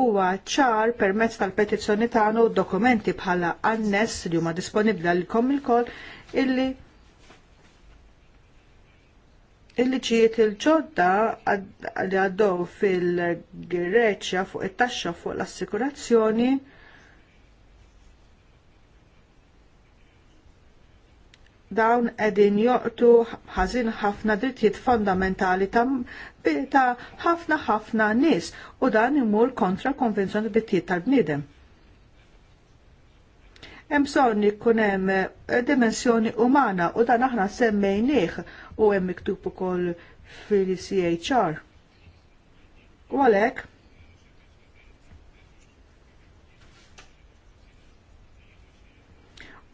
huwa ċar permezz tal-petizzjoni tagħna u dokumenti bħala annes li huma disponibbli għalkom ilkoll illi il liċijiet il-ġodda li għaddew fil-Greċja fuq it-taxxa fuq l-assikurazzjoni dawn qegħdin joqtu ħażin ħafna drittijiet fondamentali ta' ħafna ħafna nies u dan imur kontra konvenzjoni drittijiet tal-bniedem hemm bżonn ikun hemm eh, dimensjoni umana u dan aħna semmejnieh u hemm miktub ukoll fil-CHR. U għalhekk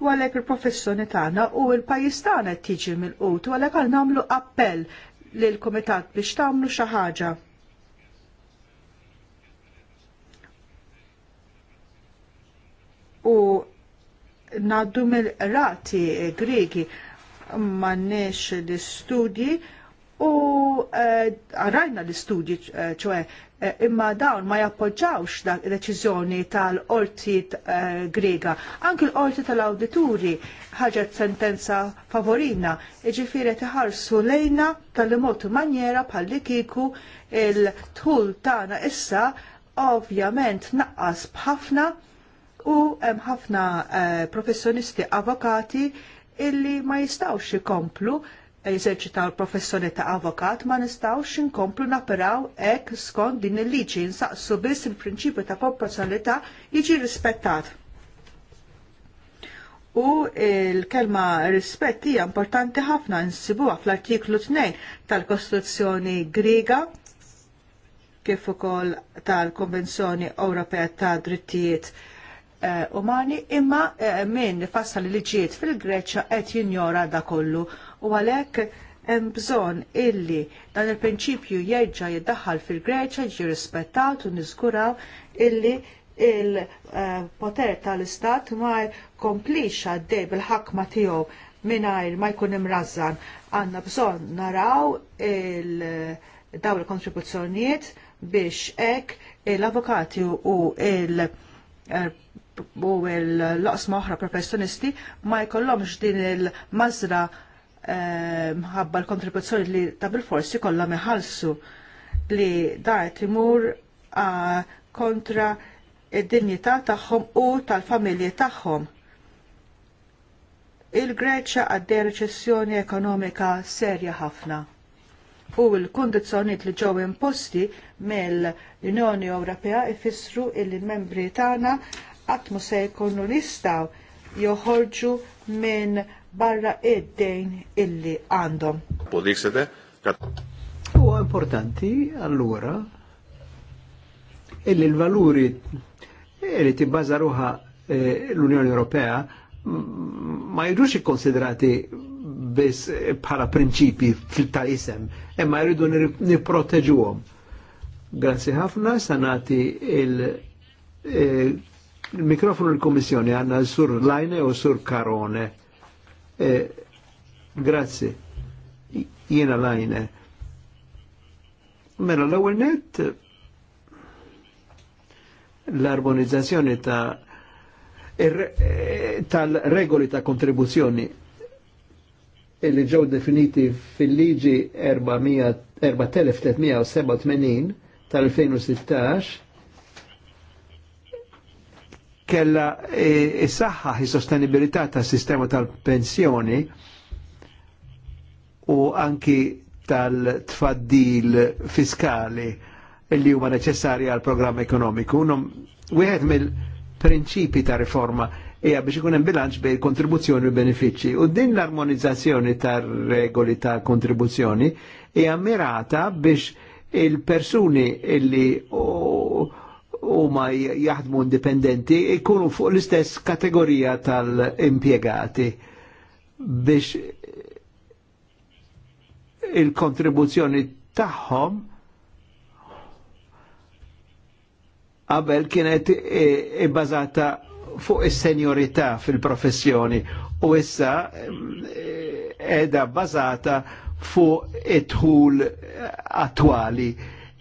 u għalek il-professjoni tagħna u l-pajjiż tagħna qed tiġi mill-qut u għalhekk għal nagħmlu appell lil kumitat biex tagħmlu xi ħaġa. U naddu mill-rati Gregi m'għandniex l-istudji u eh, rajna l-istudji eh, ċoħe eh, imma dawn ma jappoġġawx dak deċiżjoni tal-qorti grega. Anki l-qorti tal-awdituri ħaġet sentenza favorina, iġifieri tħarsu lejna tal-imot manjera bħalli kiku il-tħul tagħna issa ovvjament naqqas bħafna u hemm ħafna eh, professjonisti avokati illi ma jistawx ikomplu eh, eżerċitaw professjoni ta' avokat ma nistawx inkomplu naperaw ek skont din il-liġi nsaqsu biss il-prinċipju ta' proporzjonalità jiġi rispettat. U il-kelma rispett hija importanti ħafna nsibuha fl-artiklu 2 tal-Kostituzzjoni Griega kif ukoll tal-Konvenzjoni Ewropea ta' Drittijiet Eh, umani imma eh, min li liġijiet fil-Greċja qed jinjora da kollu u għalhekk hemm bżonn illi dan il-prinċipju jerġa' jiddaħħal fil-Greċja ġi rispettat u niżguraw illi il-poter eh, tal-istat ma jkomplix għaddej bil-ħakma tiegħu mingħajr ma jkun imrażżan. Għandna bżonn naraw il daw il-kontribuzzjonijiet biex hekk l-avukati u il u l-loqsma oħra professjonisti ma jkollhomx din il-mażra eh, mħabba l-kontribuzzjoni li ta' bil-forsi kollha iħallsu li dar timur eh, kontra id-dinjità tagħhom u tal-familji tagħhom. Il-Greċja għaddej reċessjoni ekonomika serja ħafna u l-kundizzjonijiet li ġew imposti mill-Unjoni Ewropea ifissru il membri tagħna għatmu se jkunu nistaw joħorġu minn barra id-dejn illi għandhom. U importanti allura illi l-valuri illi tibbaża ruħa eh, l-Unjoni Ewropea ma jidux konsiderati bis bħala prinċipi fil-tal-isem, imma jridu niproteġuhom. Grazie ħafna, sanati il- eh, Il-mikrofonu l-Kommissjoni għanna sur Lajne u sur Karone. Eh, grazie. Jena Lajne. Mela l-ewwel net l-armonizzazzjoni ta' er, e, tal-regoli ta' kontribuzzjoni illi ġew definiti fil-liġi 4387 tal-2016 kella isaħħaħ e, e is-sostenibilità e tas-sistema tal-pensjoni u anki tal-tfaddil fiskali li huma neċessarji għal programm ekonomiku. Wieħed mill-prinċipi ta' riforma hija biex ikun hemm bilanċ bejn kontribuzzjoni u benefiċċji. U din l-armonizzazzjoni tar-regoli ta' kontribuzzjoni hija mirata biex il-persuni illi u ma jaħdmu indipendenti ikunu fuq l-istess kategorija tal-impiegati biex il-kontribuzzjoni tagħhom qabel kienet ibbażata fuq is-senjorità fil-professjoni u issa qiegħda eh, bbażata fuq it-tħul attwali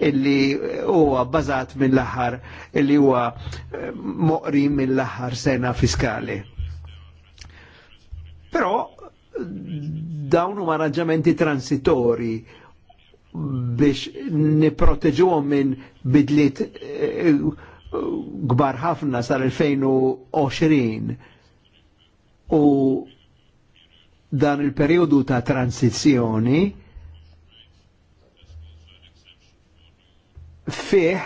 illi huwa bazat mill-aħħar illi huwa eh, moqri mill-aħħar sena fiskali. Però dawn huma arranġamenti transitori biex niproteġuhom minn bidliet eh, gbar ħafna sal-2020 u dan il-periodu ta' transizjoni fih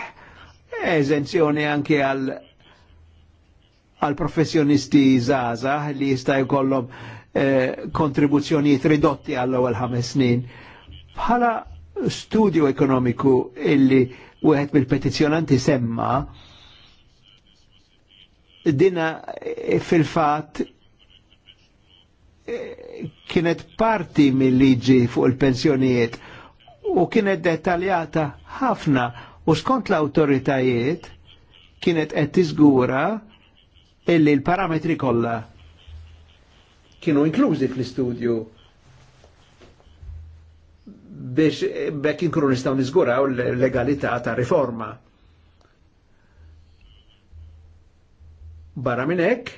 eżenzjoni anke għal għal professjonisti zaza li jista' jkollhom eh, kontribuzzjonijiet ridotti għall ewwel ħames snin. Bħala studju ekonomiku illi wieħed mill-petizzjonanti semma dina eh, fil-fatt eh, kienet parti mill-liġi fuq il-pensjonijiet u kienet dettaljata ħafna U skont l-autoritajiet kienet qed tiżgura illi l-parametri kollha kienu inklużi fl-istudju biex bekk inkunu nistgħu niżguraw l-legalità ta' riforma. Barra minn hekk,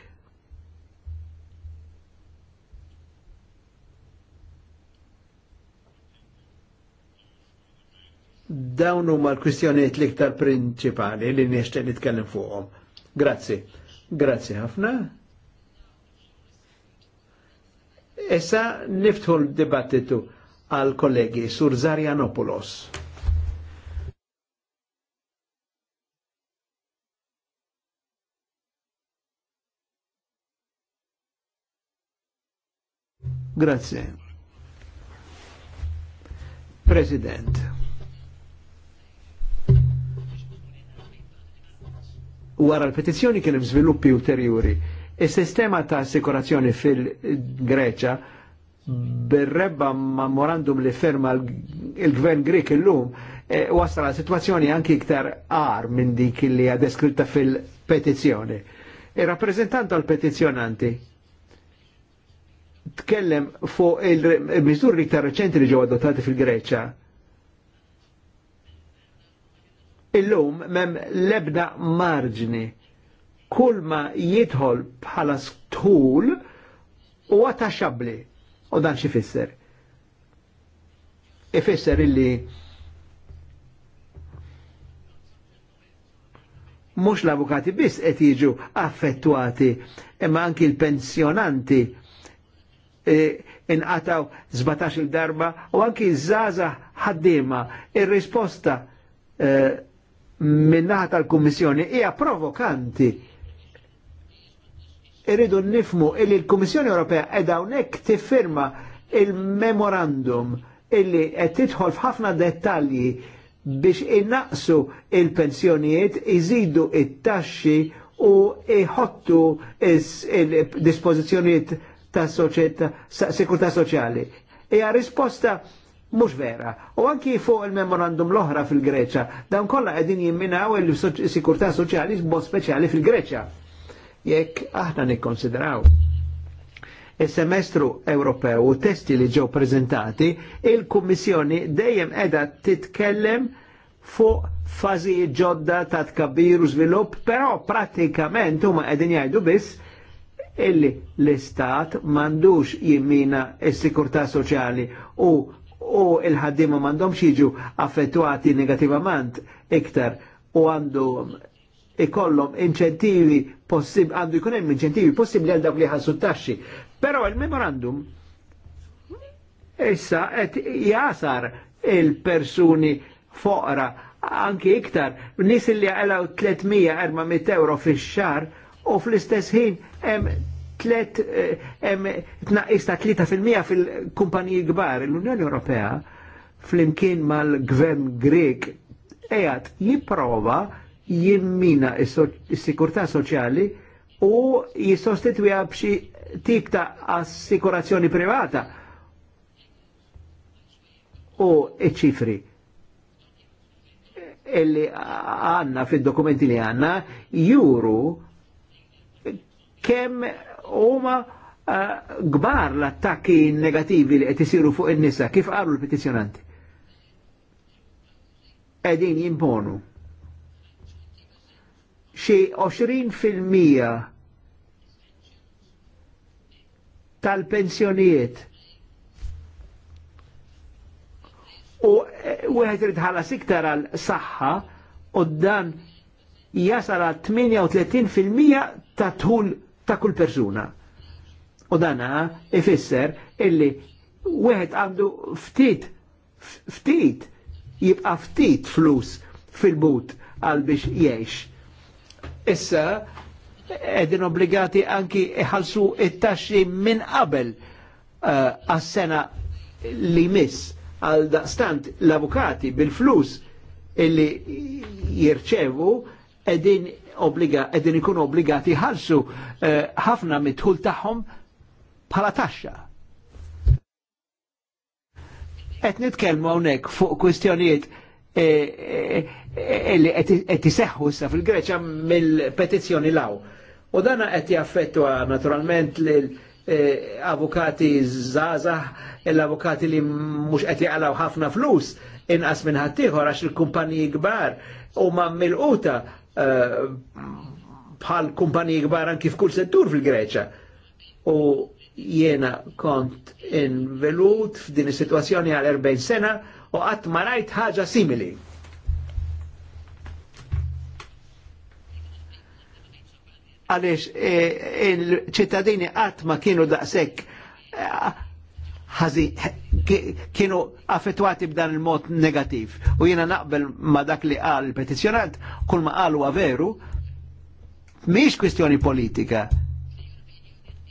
Dawn huma l-kwistjonijiet l-iktar prinċipali li nixtieq nitkellem fuqhom. Grazzi. Grazzi ħafna. Issa niftħu l-dibattitu għal kollegi Sur Zarianopoulos. Grazie. President. Wara l-petizzjoni kien hemm żviluppi ulterjuri. Is-sistema ta' assikurazzjoni fil-Greċa berrebba memorandum li ferma il-gvern Grek illum e, eh, wasra situazzjoni anki iktar ar minn dik li ha deskritta fil-petizzjoni. il rappresentant tal-petizzjonanti tkellem fuq il-miżuri iktar reċenti li ġew adottati fil-Greċa Illum mem lebda marġni. Kull ma jidħol bħala stul u għata xabli. U dan xifisser. Ifisser illi mux l-avukati biss qed jiġu affettwati imma anki l-pensjonanti e, inqataw 17 darba u anki zaza ħaddiema ir-risposta e, minnaħa tal-Kummissjoni hija provokanti. Irridu nifmu illi l-Kummissjoni Ewropea edha hawnhekk tiffirma il-memorandum illi qed tidħol f'ħafna dettalji biex innaqsu il-pensjonijiet, iżidu it-taxxi u iħottu il-dispożizzjonijiet ta' sekurtà soċjali. Hija risposta mhux vera. U anki fuq il-memorandum l-oħra fil greċa dawn kollha qegħdin jimminaw il-sikurtà soċjali b'mod speċjali fil greċa Jekk aħna nikkonsidraw il-semestru Ewropew u testi li ġew prezentati, il-Kummissjoni dejjem edha titkellem fuq fazi ġodda ta' tkabbir u żvilupp, però pratikament huma qegħdin jgħidu biss illi l-Istat mandux jimmina s-sikurtà soċjali u u il ħaddim mandom xieġu affettuati negativament iktar u għandu ikollhom inċentivi possibbli għandu jkun hemm inċentivi possibbli għal dawk li ħassu taxxi. Però il-memorandum issa qed jasar il-persuni foqra anki iktar, nis li għalaw 300-400 euro fix xar u fl-istess ħin hemm tlet eh, tnaqqis ta' 3% fil-kumpaniji kbar. L-Unjoni Ewropea flimkien mal-gvern Grek ejat jipprova jimmina is-sikurtà soċjali u jissostitwija b'xi tip ta' assikurazzjoni privata. U iċ-ċifri illi għanna fil-dokumenti li għanna juru kem huma eh, gbar l-attakki negativi li qed isiru fuq in-nisa kif qalu l-petizzjonanti. Qegħdin jimponu xi 20% fil-mija tal-pensjonijiet u eh, wieħed irid ħallas iktar għal saħħa u dan jasal għal 38% ta' tħul ta' kull persuna. U dana ifisser illi wieħed għandu ftit, ftit, jibqa ftit flus fil-but għal biex jiex. Issa, edin obbligati anki iħalsu it-taxxi minn qabel uh, għas-sena li miss għal daqstant l-avukati bil-flus illi jirċevu edin obbliga qegħdin ikunu obbligati ħarsu eh, ħafna mit mitħul tagħhom bħala taxxa. Qed nitkellmu hawnhekk fuq kwistjonijiet li qed iseħħu issa fil-Greċja mill-petizzjoni law. U dana qed jaffettwa eh, naturalment lil eh, avukati zazah, l-avukati li mhux qed jaqlaw ħafna flus inqas minn ħaddieħor għax il-kumpaniji kbar u ma mill-quta Eh, bħal kumpaniji kbar anki f'kull settur fil-Greċa. U jiena kont invelut f'din is-sitwazzjoni għal 40 sena u qatt ma rajt ħaġa simili. Għalix, eh, il-ċittadini qatt ma kienu daqsek eh, Ħazi kienu affettwati b'dan il-mod negativ. U jiena naqbel ma dak li qal il-petizjonant, kull ma qal huwa veru, mhix kwistjoni politika.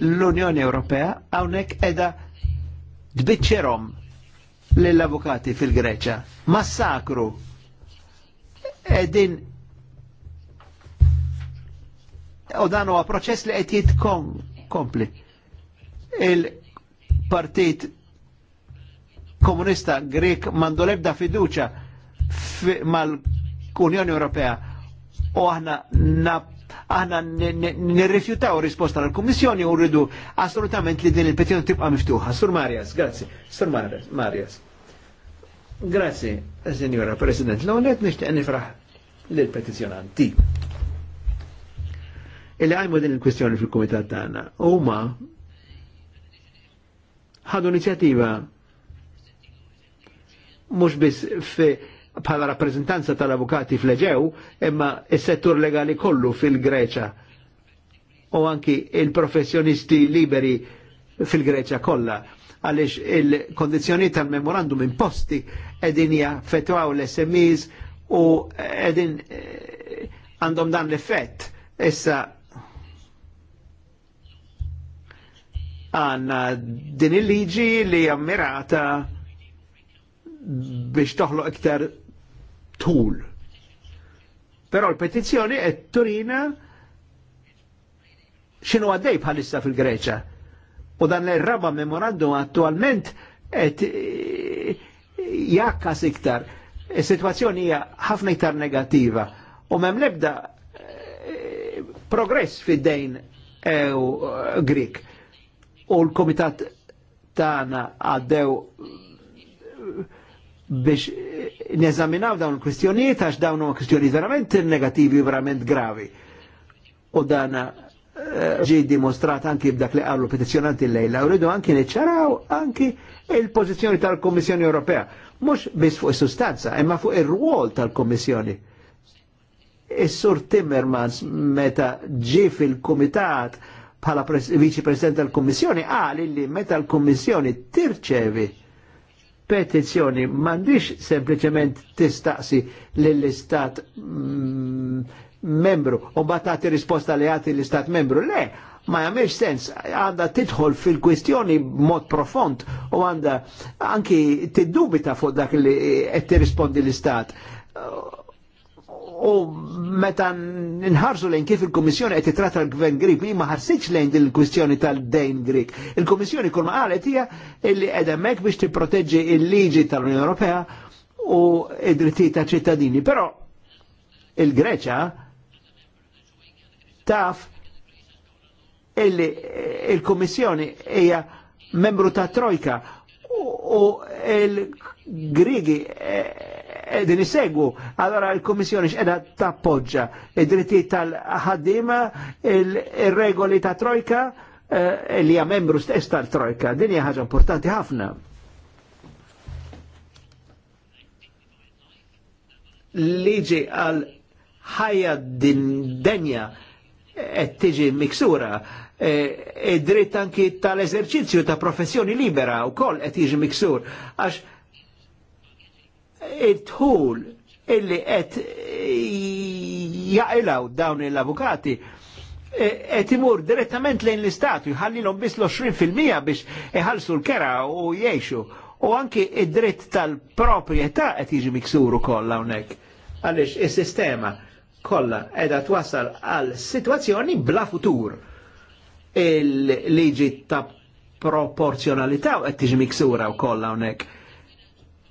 L-Unjoni Ewropea hawnhekk qiegħda tbiċċerhom lill-avukati fil-Greċja. Massakru. Edin u dan huwa proċess li qed jitkompli partit Komunista Grek mandu lebda fiduċa mal-Unjoni Ewropea u aħna aħna nirrifjutaw risposta l kummissjoni u rridu assolutament li din il-petizjoni tibqa' miftuħa. Sur Marjas, grazzi. Sur Marjas. Grazzi, Signora President. L-għonet nishtiq nifraħ lill-petizjonanti illi għajmu din il-kwestjoni fil-komitat tagħna huma ħadu inizjattiva mhux biss bħala rappreżentanza tal-avukati fl-Eġew, imma s-settur legali kollu fil-Greċa u anki il-professjonisti liberi fil-Greċa kollha għaliex il-kondizjoni tal-memorandum imposti edin jaffetwaw l-SMEs u edin eh, għandhom dan l-effett. Issa għanna din il-liġi li jammirata biex toħloq iktar tul. Però l-petizzjoni qed turina xinu għaddej bħalissa fil-Greċa. U dan l-raba memorandum attualment qed jakkas iktar. Is-sitwazzjoni hija ħafna iktar negattiva u mem lebda eh, progress fid-dejn e eh, Grik u l-komitat tana għaddew eh, biex neżaminaw dawn il-kwistjonijiet għax dawn huma kwistjonijiet verament negativi verament gravi. U dana eh, ġi dimostrat anki b'dak li għallu petizjonanti l-lejla, rridu anki neċċaraw anki il-pozizjoni tal-Kommissjoni Ewropea, mux biex fuq il-sustanza, imma fuq il-ruol tal-Kommissjoni. Is-Sur Timmermans meta ġi fil-Kumitat bħala viċi president tal-Kummissjoni għal li meta l-Kummissjoni tirċevi petizjoni, m'għandix sempliċement tistaqsi l istat mm, membru u batati risposta li għati l-Istat membru. Le, ma jamiex sens, għanda titħol fil-kwistjoni mod profond u għanda anki dubita fuq dak li qed rispondi l-Istat U meta nħarsu lejn kif il-Kummissjoni qed titratta l-Gvern Grik, li ma ħarsitx lejn din il-kwistjoni tal-dejn Grik. il komissjoni kull ma qalet hija illi qed hemmhekk biex tipproteġġi l-liġi tal-Unjoni Ewropea u id-drittijiet ta' ċittadini. Però il-Greċa taf illi il komissjoni hija membru ta' Trojka u il-Grigi din isegwu. Allora il-Kommissjoni x'edha tappoġġa id-dritti tal-ħaddiema, il-regoli ta' trojka eh, li hija membru stess tal-trojka. Din hija ħaġa importanti ħafna. Liġi għal ħajja din denja qed tiġi miksura eh, id-dritt e anki tal-eżerċizzju ta' professjoni libera u koll qed jiġi miksur għax it dħul illi qed jaqilaw dawn il avukati e, qed imur direttament lejn l-istatu jħallilhom biss l-20% biex iħallsu l-kera u jgħixu. U anki id-dritt tal-proprjetà qed jiġi miksuru kollha hawnhekk. Għaliex is-sistema kollha qiegħda twassal għal sitwazzjoni bla futur. Il-liġi ta' proporzjonalità qed tiġi miksura wkoll hawnhekk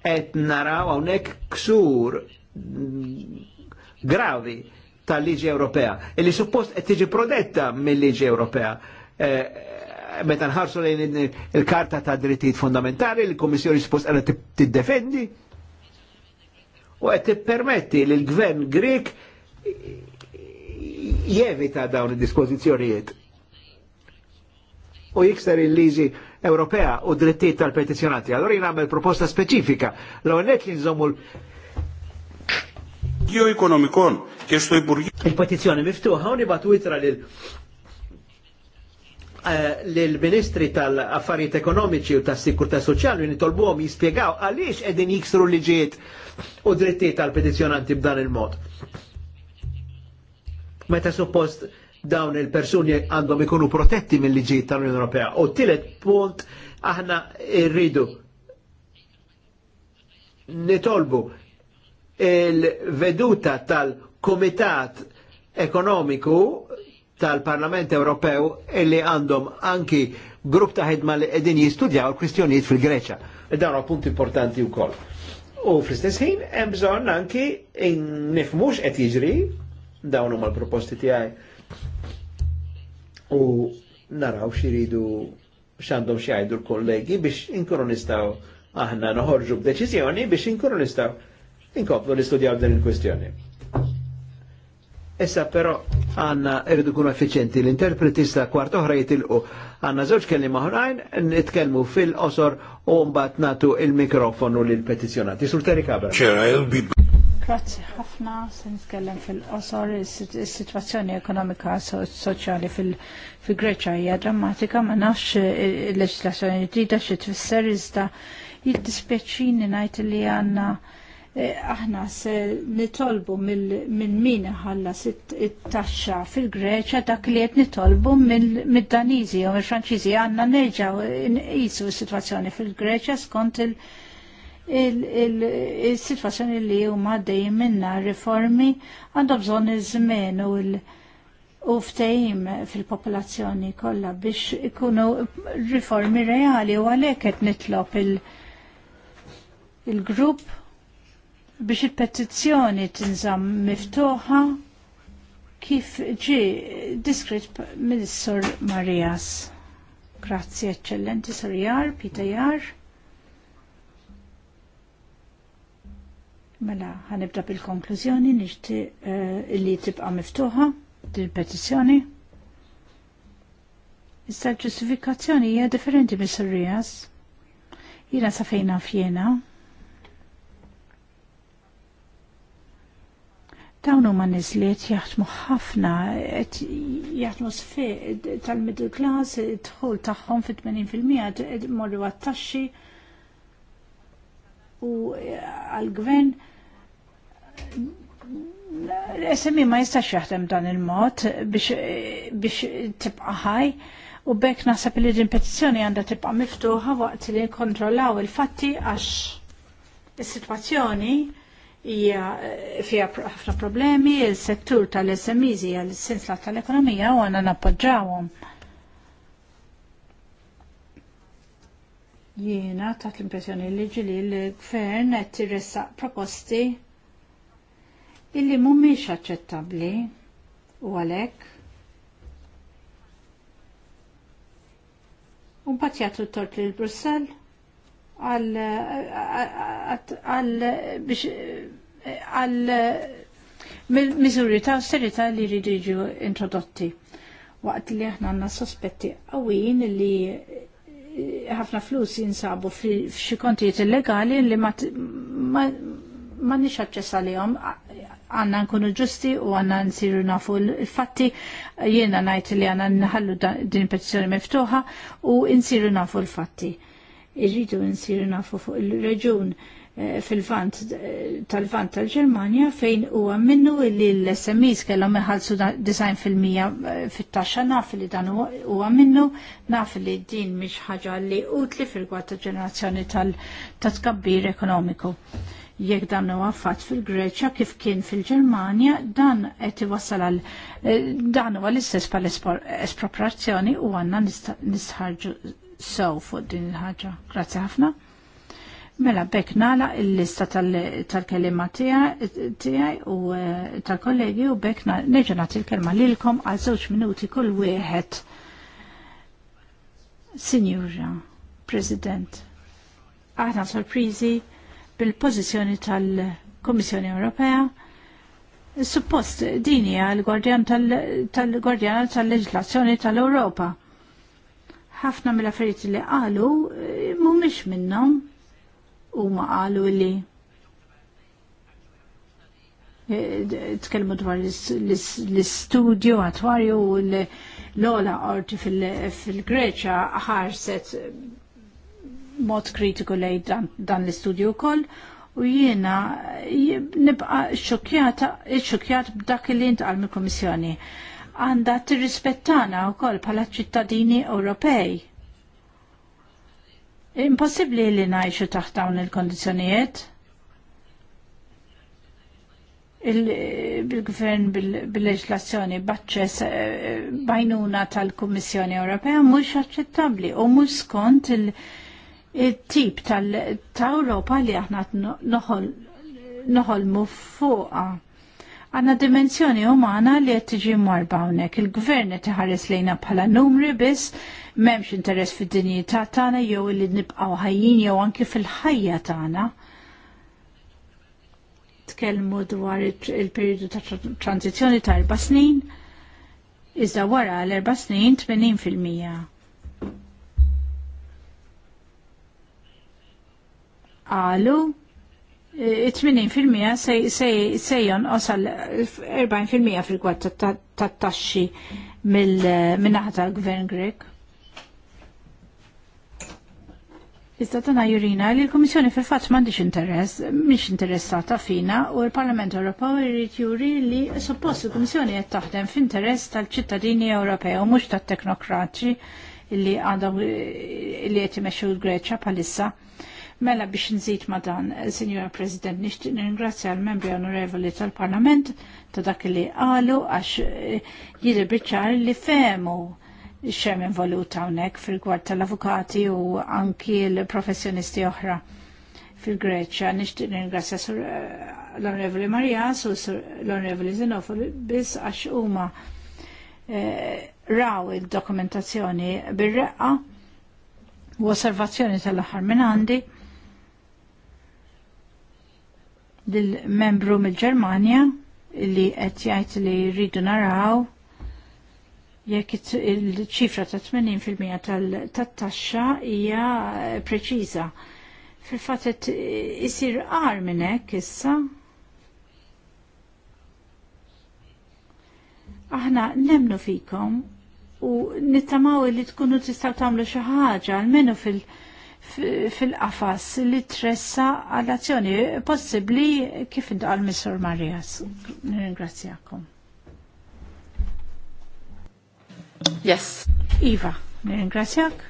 et naraw hawnhekk ksur gravi tal-liġi Ewropea, illi suppost qed tiġi prodetta mill-liġi Ewropea. Eh, meta nħarsu lejn il-Karta ta' Drittijiet Fundamentali, il-Kummissjoni suppost għandha tiddefendi u qed tippermetti li l-Gvern Grek jevita dawn id-dispożizzjonijiet. U jikser il-liġi Ewropea u drittijiet tal-petizjonati. Allora jien għamil proposta speċifika l-għonet li nżommu l ekonomikon, kiex Il-petizjoni miftuħa u nibatu itra lil eh, l-ministri tal-affarijiet ekonomiċi u tas-sikurtà soċjali nitolbuhom jispjegaw għaliex qegħdin jiksru liġijiet u drittijiet tal petizjonanti b'dan il-mod. Meta suppost dawn il-persuni għandhom ikunu protetti mill-liġi tal-Unjoni Ewropea. U tielet punt aħna rridu nitolbu il-veduta tal-Komitat Ekonomiku tal-Parlament Ewropew illi għandhom anki grupp ta' ħedma li għedin jistudjaw kwistjonijiet fil greċa Dan punt importanti wkoll. U fl-istess ħin hemm bżonn anki nifmux qed jiġri dawn huma l-proposti tiegħi u naraw xiridu xandom xiajdu l-kollegi biex inkunu nistaw aħna noħorġu b'deċizjoni biex inkunu nistaw inkoplu nistudjaw din il-kwestjoni. Issa però għanna irridu kunu effiċenti l-interpreti sta kwart oħra jitilqu għanna żewġ kelli maħrajn nitkellmu fil-qosor u mbagħad nagħtu il-mikrofonu lill petizzjonati. Sur Terry Kabra. Grazzi ħafna, se nitkellem fil-qosor, is-sitwazzjoni ekonomika soċjali fil-Greċja hija drammatika, ma nafx il-leġislazzjoni ġdida xi tfisser iżda jiddispjaċini ngħid li għandna aħna se nitolbu minn min ħalla it-taxxa fil-Greċja dak li qed nitolbu mid-Daniżi u mill-Franċiżi għandna nerġgħu nqisu s-sitwazzjoni fil-Greċja skont il- il-situazzjoni li huma dejjem minna riformi għandhom bżonn iż-żmien u l u fil-popolazzjoni kollha biex ikunu riformi reali u għalhekk qed nitlob il-grupp biex il-petizzjoni tinżamm miftuħa kif ġi diskrit mill-Sur Marias. Grazzi, eccellenti, Sur Jar, Pita Jar. Mela, ħanibda bil-konklużjoni nixti eh, li tibqa' miftuħa dil-petizzjoni. Issa l-ġustifikazzjoni hija differenti minn Sirrias. Jiena sa fejna fjena. Dawn huma nies li qed jaħdmu ħafna, qed jaħdmu sfiq tal-middle class, id-dħul tagħhom fit-80% morru għat-taxxi u eh, għal-gvern SMI ma jistax jaħdem dan il-mod biex tibqa ħaj u bekk nasab li din petizzjoni għandha tibqa miftuħa waqt li kontrollaw il-fatti għax is-sitwazzjoni hija eh, fija ħafna problemi, il-settur tal smi hija l-sinsla tal-ekonomija u għanna nappoġġawhom. jiena taħt l-impressjoni li ġili l-gvern qed tirressaq proposti illi mhumiex aċċettabbli u għalhekk. U mbagħad jagħtu tort lil Brussell għal biex għal miżuri ta' austerità li jridu jiġu introdotti waqt li aħna għandna sospetti qawwin li ħafna flus jinsabu f'xi kontijiet illegali li ma nix aċċess għalihom għanna nkunu ġusti u għanna nsiru nafu l-fatti jiena najt li għanna nħallu din petizjoni miftuħa u nsiru nafu l-fatti. Irridu nsiru nafu fuq il-reġun fil-vant tal-vant tal-Germania fejn huwa minnu li l-SMEs kellhom iħallsu design fil-mija eh, fit-taxxa naf li dan huwa minnu naf li din mhix ħaġa li utli fil-gwad ġenerazzjoni tal-tkabbir ekonomiku. Jekk dan huwa fatt fil-Greċja kif kien fil-Ġermanja, dan qed iwassal għal eh, dan huwa l-istess pal espropriazzjoni u għandna nistħarġu sew fuq din il-ħaġa. Grazzi ħafna. Mela, bekk nala il-lista tal-kelima tijaj u eh, tal-kollegi u bekk neġana til-kelma lilkom għal żewġ minuti kull wieħed. Sinjura, President, aħna sorprizi bil-pozizjoni tal-Komissjoni Ewropea. Suppost dini għal-Gwardjan tal-Gwardjan tal-Leġislazzjoni tal-Ewropa. Ħafna mill-affarijiet li qalu eh, mhumiex minnhom huma qalu li eh, tkellmu dwar l-istudju għatwarju u l-ola orti fil-Greċa ħarset mod kritiku lej dan l-istudju koll u jiena nibqa xokjat b'dak li intqal mill-Komissjoni għanda tirrispettana u koll pala ċittadini Ewropej Impossibbli li najxu taħt dawn il-kondizzjonijiet. Il-gvern bil-leġlazzjoni baċċes eh, bajnuna tal-Kummissjoni Ewropea mhux aċċettabbli u mhux skont il-tip tal-Ewropa li aħna noħolmu fuqha għanna dimensjoni umana li qed tiġi marba hawnhekk. Il-gvern qed iħares lejna bħala numri biss m'hemmx interess fid-dinjità tagħna jew li nibqgħu ħajjin jew anki fil-ħajja tagħna. Tkellmu dwar il periodu ta' tranzizzjoni ta' erba' snin, iżda wara l-erba' snin 80 fil-mija. Qalu 80% se, se, se jonqos 40% fil-kwad ta' taxxi mill-naħa tal-Gvern Grek. Iżda tana jurina li l-Komissjoni fil-fatt m'għandix interess, mhix interessata fina u l-Parlament Ewropew irid juri li suppost il-Komissjoni qed taħdem f'interess tal-ċittadini Ewropew mhux tat-teknokratiċi li għandhom li qed imexxu l-Greċja bħalissa. Mela biex nżid ma dan, eh, Sinjora President, nixtieq ningrazzja l-membri onorevoli tal-Parlament ta' dak li qalu għax eh, jiri biċċar li femu xem involut hawnhekk fil-gwad tal-avukati u anki l-professjonisti oħra fil-Greċja. Nixtieq ningrazzja eh, l-Onorevoli Marijas u l-Onorevoli Zinofoli biss għax huma raw id dokumentazzjoni bir-reqqa u osservazzjoni tal-aħħar minn għandi lill-membru mill-Ġermanja li qed jgħid li rridu naraw jekk il-ċifra ta' 80% tat-taxxa hija preċiża. Fil-fatt qed isir qar minn hekk issa. Aħna nemnu fikom u nittamaw li tkunu tistgħu tagħmlu xi ħaġa almenu fil- fil-qafas li tressa għall-azzjoni possibbli kif id-għal Missur Marijas. Ringrazzjakom. Yes. Iva, ringrazzjak.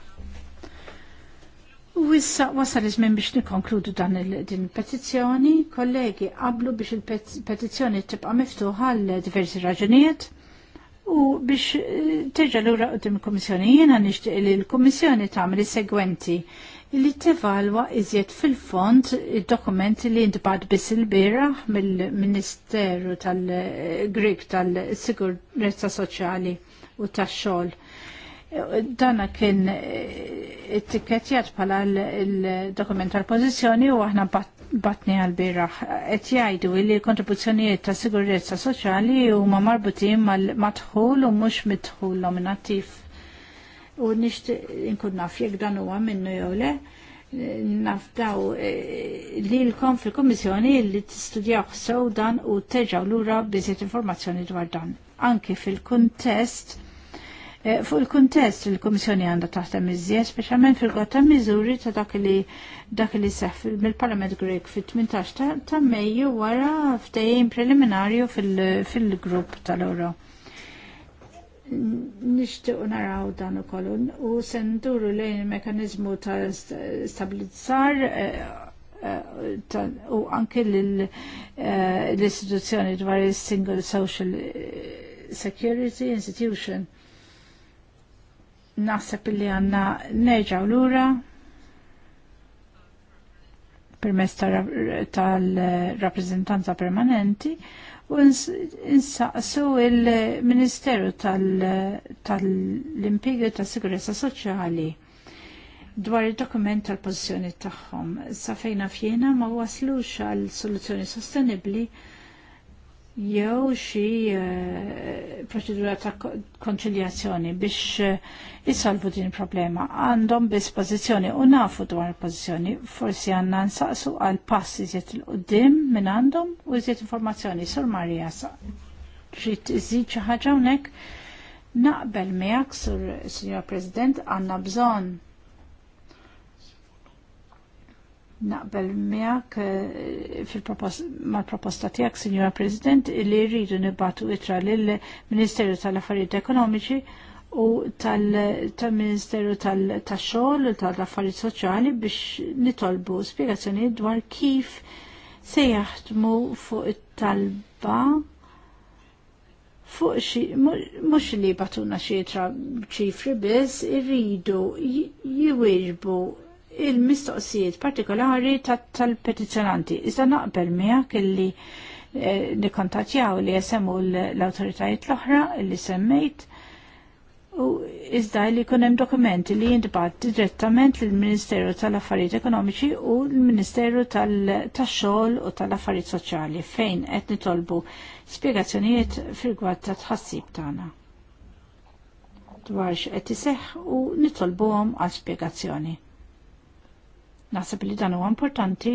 U issa wasal iżmien biex nikkonkludu dan din il-petizzjoni, kollegi qablu biex il-petizzjoni tibqa' miftuħa għal diversi raġunijiet u biex eh, terġa' lura qudiem il-Kummissjoni. Jiena nixtieq li l-Kummissjoni tagħmel is-segwenti li tevalwa iżjed fil-fond dokument li intbad biss il-bira mill-Ministeru tal-Grik tal-Sigurezza Soċjali u tax-xogħol. Dana kien etikettjat bħala l-dokument tal-pożizzjoni u aħna batni għal-biraħ. Et jgħidu li kontribuzzjonijiet ta' sigurezza soċjali huma marbutin mal-madħul u mhux mitħul nominattiv u nisht inkun naf jek dan huwa minnu jew le nafdaw e, li l-kom fil-Komissjoni li t-studjaw sew dan u teġaw lura biżiet informazzjoni dwar dan. Anki fil-kontest e, Fuq il-kuntest il-Komissjoni għandha taħtem iżjed, speċjalment fil-gota miżuri ta' dak li dak li seħ mill-Parlament Grek fit-18 ta' Mejju wara ftehim preliminarju fil-grupp tal-Euro nishtiq naraw dan ukoll u se nduru lejn il-mekanizmu ta' stabilizzar eh, eh, u anke eh, l-istituzzjoni dwar il-Single Social Security Institution naħseb li għanna l lura permess tal-rappresentanza permanenti u insaqsu il-Ministeru tal-Impjegu tal impiegu tal tas sigurezza Soċjali dwar il-dokument tal-pozizjoni tagħhom. Sa fejna fjena ma waslux għal soluzzjoni sostenibbli jew xi eh, proċedura ta' konċiljazzjoni biex eh, isolvu din il-problema. Għandhom biss pożizzjoni u nafu dwar il-pożizzjoni, forsi għandna nsaqsu għal pass iżjed il-qudiem minn għandhom u iżjed informazzjoni. Sur Marija trid iżid xi ħaġa hawnhekk naqbel miegħek sur Signor President għandna bżonn naqbel miegħek eh, mal-proposta tiegħek, Sinjora President, li rridu nibatu itra lill-Ministeru tal-Affarijiet Ekonomiċi u tal-Ministeru tal-Xogħol u tal-Affarijiet Soċjali biex nitolbu spiegazzjoni dwar kif se jaħdmu fuq it-talba fuq xi mhux li batuna xi ċifri biss irridu jwieġbu il-mistoqsijiet partikolari tal-petizjonanti. Iżda naqbel miegħek kelli eh, nikontattjaw li jesemu l-autoritajiet l-oħra li semmejt u iżda li jkun hemm dokumenti li jintbagħat direttament lill-Ministeru tal-Affarijiet Ekonomiċi u l-Ministeru tax-xogħol u tal-Affarijiet Soċjali fejn qed nitolbu spjegazzjonijiet firgwad ta' tħassib tagħna dwar x'qed iseħħ u nitolbuhom għal spjegazzjoni. Naħseb li dan huwa importanti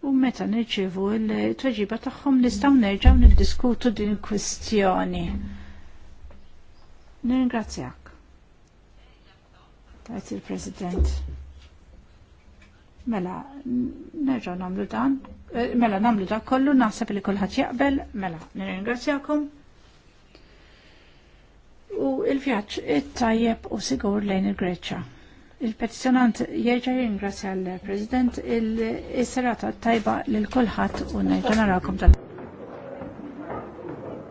u meta nirċivu il-tweġiba tagħhom nistgħu nerġgħu niddiskutu din il-kwistjoni. Nirringrazzjak. Tajt il-President. Mela, nerġgħu nagħmlu dan. Eh, mela nagħmlu dak kollu, naħseb li kulħadd jaqbel, mela, nirringrazzjakom. U il-vjaġġ it-tajjeb u sigur lejn il-Greċċa. Il-petizjonant jieġa ringrazzja l-President il-serata tajba l kulħat u najtanarakom tal